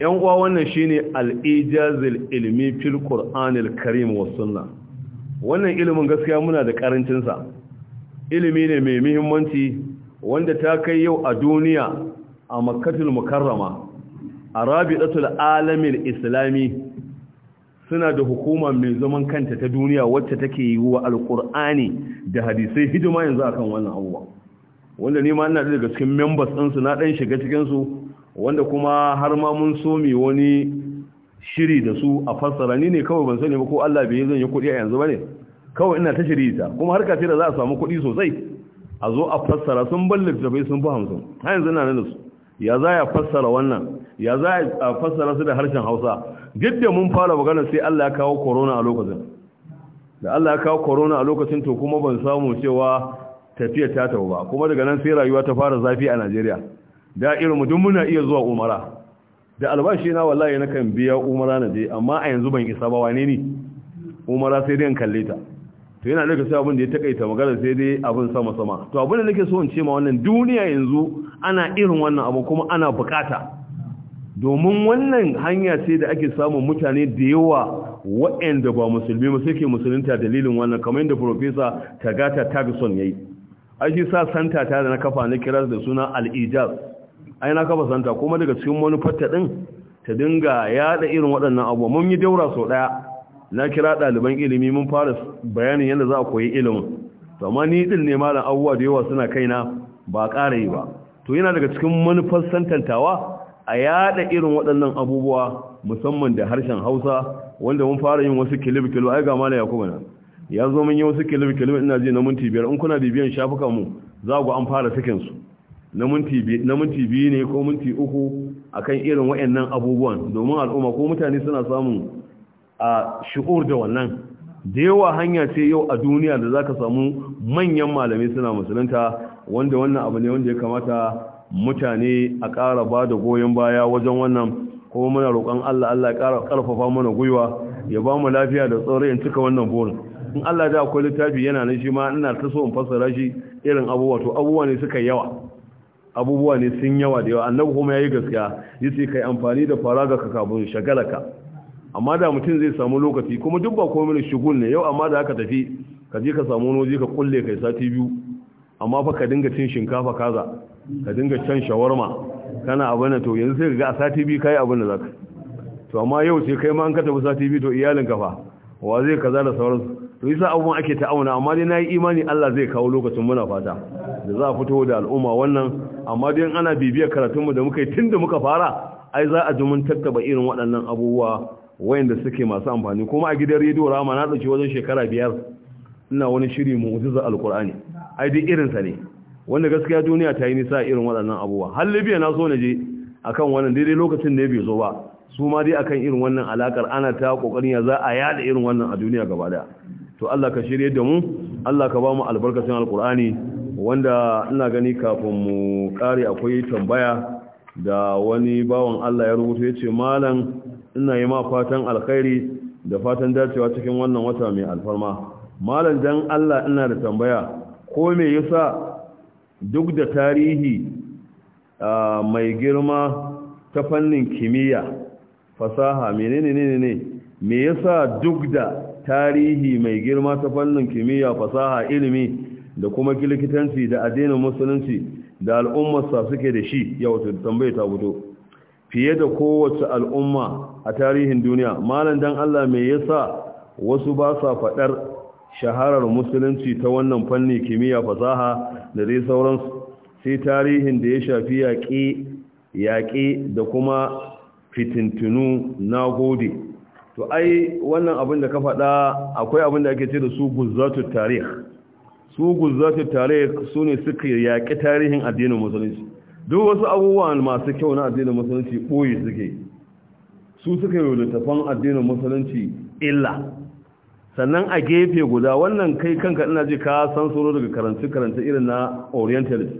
yan uwa wannan shine ne al'ijazil ilmi fil qur'anil karim wa sunna wannan ilimin gaskiya muna da ƙarancinsa, ilimi ne mai muhimmanci wanda ta kai yau a duniya a makatul mukarrama a rabidatul alamil islami suna da hukuma mai zaman kanta ta duniya wacce take yi wa alkur'ani da hadisai hidima yanzu akan wannan abubuwa wanda ni ma ina daga cikin members ɗinsu na ɗan shiga cikinsu wanda kuma har ma mun so mi wani shiri da su a fassara ni ne kawai ban sani ba ko Allah bai zan yi kuɗi a yanzu bane kawai ina ta shiri ta kuma har kafin da za a samu kuɗi sosai a zo a fassara sun balli da bai sun fi hamsin har yanzu ina nan da su ya za ya fassara wannan ya za a fassara su da harshen hausa duk da mun fara magana sai Allah ya kawo corona a lokacin da Allah ya kawo corona a lokacin to kuma ban samu cewa tafiya ta tafi ba kuma daga nan sai rayuwa ta fara zafi a Najeriya da irin mu duk muna iya zuwa umara da albashi na wallahi na kan biya umara na je amma a yanzu ban isa ba wane ni umara sai dai kalle ta to yana daga sai abin da ya takaita magana sai dai abin sama sama to abin da nake so in ce ma wannan duniya yanzu ana irin wannan abu kuma ana bukata domin wannan hanya ce da ake samun mutane da yawa waɗanda ba musulmi ba suke musulunta dalilin wannan kamar yadda profesa tagata tagson ya yi aiki sa santa ta da na kafa na kira da suna al'ijaz ai na kafa santa kuma daga cikin manufarta ɗin ta dinga yaɗa irin waɗannan abuwa mun yi daura sau ɗaya na kira ɗaliban ilimi mun fara bayanin yadda za a koyi ilimin amma ni ɗin ne malam abubuwa da yawa suna kaina ba ƙara yi ba to yana daga cikin manufar santantawa a yada irin waɗannan abubuwa musamman da harshen hausa wanda mun fara yin wasu kilibikilu ai ga mala yakubu nan ya mun yi wasu kilibikilu ina ji na minti biyar in kuna bibiyan shafukan mu za ku an fara sakin su na minti biyu ne ko minti uku akan irin waɗannan abubuwan domin al'umma ko mutane suna samun a shi'ur da wannan da yawa hanya ce yau a duniya da zaka samu manyan malamai suna musulunta wanda wannan abu ne wanda ya kamata mutane a ƙara ba da goyon baya wajen wannan kuma muna roƙon Allah Allah ƙara ƙarfafa mana gwiwa ya ba mu lafiya da tsoro in cika wannan burin in Allah da akwai littafi yana nan shi ma ina ta so in fassara shi irin abubuwa to abubuwa ne suka yawa abubuwa ne sun yawa da yawa annabi kuma yayi gaskiya yace kai amfani da faraga ka kafin shagalaka amma da mutum zai samu lokaci kuma duk ba komai ne shugul ne yau amma da aka tafi ka je ka samu wani ka kulle kai sati biyu amma fa ka dinga cin shinkafa kaza ka dinga can shawarma kana abin da to yanzu sai ga a sati biyu kai abin da zaka to amma yau sai kai ma an ka tafi sati biyu to iyalin ka fa wa zai kaza da sauransu to yasa abubuwan ake ta'auna amma dai yi imani Allah zai kawo lokacin muna fata da za a fito da al'umma wannan amma dai ana bibiyar karatunmu da muka yi da muka fara ai za a ji mun tattaba irin waɗannan abubuwa wayanda suke masu amfani kuma a gidan rediyo rama na tsaki wajen shekara biyar ina wani shiri mu'jiza alqur'ani ai dai irinsa ne wanda gaskiya duniya ta yi nisa irin waɗannan abubuwa har libya na so na je kan wannan daidai lokacin ne bai zo ba su ma dai akan irin wannan alakar ana ta ƙoƙarin ya za a yada irin wannan a duniya gaba da. to Allah ka shirye da mu Allah ka ba mu albarkacin alkur'ani wanda ina gani kafin mu kare akwai tambaya da wani bawan Allah ya rubuta ya ce malam ina yi ma fatan alkhairi da fatan dacewa cikin wannan wata mai alfarma malam dan Allah ina da tambaya ko me yasa duk da tarihi mai girma ta fannin kimiyya fasaha menene ne ne me yasa duk da tarihi mai girma ta fannin kimiyya fasaha ilimi da kuma likitanci da addinin musulunci da al'ummarsa suke da shi yau tambaye ta fito fiye da kowace al'umma a tarihin duniya malam dan Allah me yasa wasu ba sa fadar shaharar musulunci ta wannan fanni kimiyya fasaha da dai sauransu sai tarihin da ya shafi yaƙi yaƙi da kuma fitintunu na gode to ai wannan abin da ka faɗa akwai abin da ake ce da su guzzatu tarih su guzzatu tarih su ne suka yaƙi tarihin addinin musulunci duk wasu abubuwa masu kyau na addinin musulunci ɓoye suke su suka yi littafan addinin musulunci illa sannan a gefe guda wannan kai kanka ina ji ka san soro daga karanci karanci irin na orientalist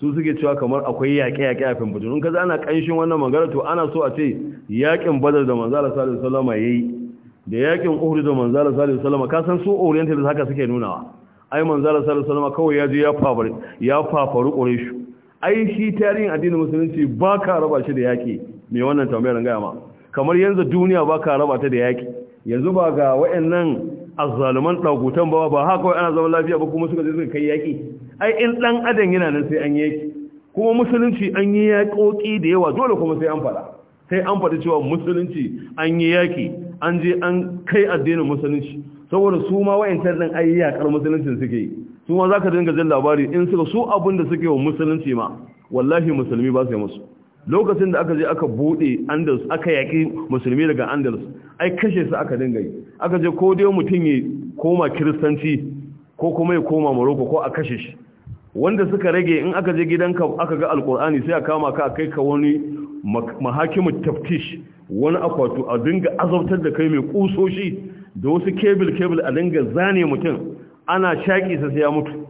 su suke cewa kamar akwai yaƙe-yaƙe a fimfajin in ka ana ƙanshin wannan magana to ana so a ce yaƙin badar da manzala salisu salama ya yi da yaƙin uhud da manzala salisu salama ka san su orientalist haka suke nunawa ai manzala salisu salama kawai ya ji ya fafaru ya fafaru ƙureshu ai shi tarihin addinin musulunci ba ka raba shi da yaƙi mai wannan tambayar gaya ma kamar yanzu duniya ba ka raba ta da yaƙi yanzu ba ga waɗannan azzaluman dagutan ba ba haka kawai ana zama lafiya ba kuma suka je suka kai yaki ai in ɗan adam yana nan sai an yaki kuma musulunci an yi yaƙoƙi da yawa dole kuma sai an faɗa. sai an faɗi cewa musulunci an yi yaki an je an kai addinin musulunci saboda su ma wayancan nan ai yaƙar musuluncin suke yi su ma zaka dinga jin labari in suka su abun da suke wa musulunci ma wallahi musulmi ba sai musu lokacin da aka je aka bude andalus aka yaki musulmi daga andalus ai kashe su aka dinga yi aka je ko dai mutum ya koma kiristanci ko kuma ya koma morocco ko a kashe shi wanda suka rage in aka je gidan ka aka ga alkur'ani sai a kama ka a kai ka wani mahakimu taftish wani akwatu a dinga azabtar da kai mai kusoshi da wasu kebil kebil a dinga zane mutum ana shaki sa sai ya mutu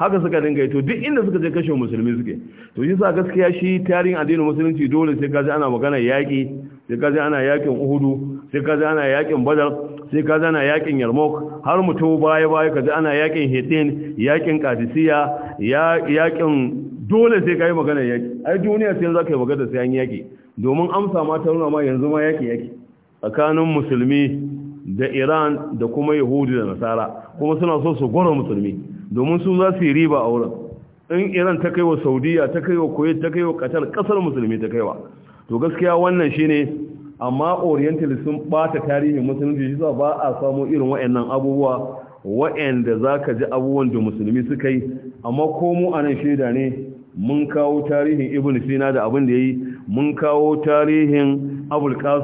haka suka dinga to duk inda suka je kashe musulmi suke to shi sa gaskiya shi tarihin addinin musulunci dole sai kaje ana magana yaki sai kaje ana yakin uhudu sai kaje ana yakin badar sai kaje ana yakin yarmouk har mu to baya baya kaje ana yakin hitin yakin qadisiya yakin dole sai kai magana yaki ai duniya sai zaka yi magana sai an yaki domin amsa ma ta nuna ma yanzu ma yaki yaki tsakanin musulmi da Iran da kuma Yahudu da Nasara kuma suna so su gwara musulmi domin su za su yi riba a wurin in iran ta kai wa saudiya ta kai wa kuwait ta kai wa qatar kasar musulmi ta kai wa to gaskiya wannan shi ne, amma oriental sun bata tarihin musulunci shi ba a samu irin wa'annan abubuwa wa'anda za ka ji abubuwan da musulmi suka yi amma ko mu anan shaida ne mun kawo tarihin ibn sina da abin da ya yi. mun kawo tarihin abul a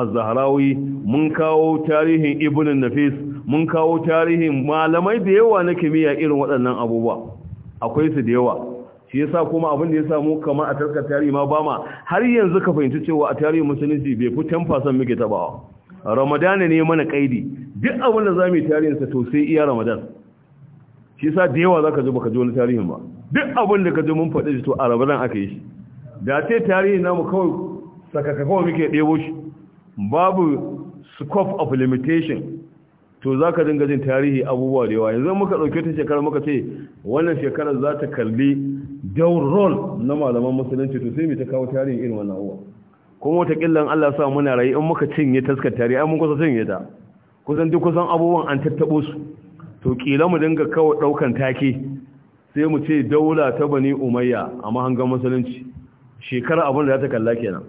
az-zahrawi mun kawo tarihin ibn nafis mun kawo tarihin malamai da yawa na kimiyya irin waɗannan abubuwa akwai su da yawa shi yasa kuma abin da ya samu kamar a tarkar tarihi ma ba ma har yanzu ka fahimci cewa a tarihin musulunci bai fi san muke tabawa Ramadan ne mana kaidi duk abin da zamu yi tarihin sa to sai iya ramadan shi yasa da yawa zaka ji baka ji wani tarihin ba duk abin da ka ji mun faɗi shi to a ramadan aka yi shi da tarihin namu kawai saka kawai muke ɗebo shi babu scope of limitation to za ka dinga jin tarihi abubuwa da yawa yanzu muka ɗauke ta shekarar muka ce wannan shekarar za ta kalli daur rol na malaman musulunci to sai mu ta kawo tarihi irin wannan abubuwa kuma wataƙillan Allah sa muna rayu in muka cinye taskar tarihi an mun kusa cinye ta kusan duk kusan abubuwan an tattaɓo su to ƙila mu dinga kawo ɗaukan take sai mu ce daula ta bani umayya a mahangar musulunci shekarar abin da za ta kalla kenan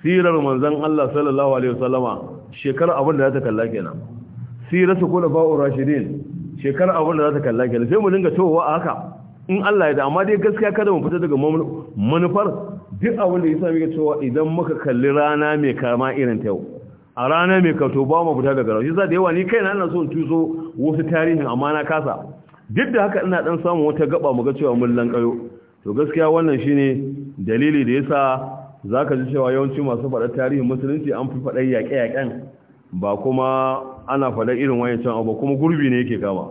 sirar manzon Allah sallallahu alaihi wasallama shekarar abin da za ta kalla kenan kula khulafa'ur rashidin shekara abin da za ta kalla kenan sai mu dinga towa a haka in Allah ya da amma dai gaskiya kada mu fita daga manufar duk abin da ya muke ga cewa idan muka kalli rana mai kama irin ta yau a rana mai kato ba mu fita daga rauni za da yawa ni kaina ina so in tuso wasu tarihin amma na kasa duk da haka ina dan samun wata gaba muga cewa mun lankayo to gaskiya wannan shine dalili da yasa zaka ji cewa yawanci masu faɗar tarihin musulunci an fi faɗa yaƙe-yaƙen ba kuma ana faɗa irin wayancan abu kuma gurbi ne yake kama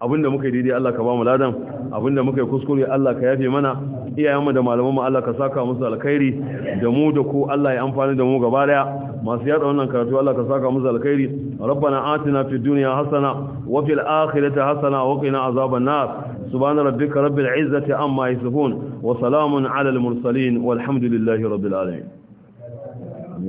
abinda muka yi daidai Allah ka ba mu ladan abinda muka yi kuskure Allah ka yafe mana iyayenmu da malamanmu Allah ka saka musu alkhairi da mu da ku Allah ya amfani da mu gaba daya masu yada wannan karatu Allah ka saka musu alkhairi rabbana atina fid dunya hasana wa fil akhirati hasana wa qina azaban nar subhana rabbika rabbil izzati amma yasifun wa salamun ala al mursalin walhamdulillahi rabbil alamin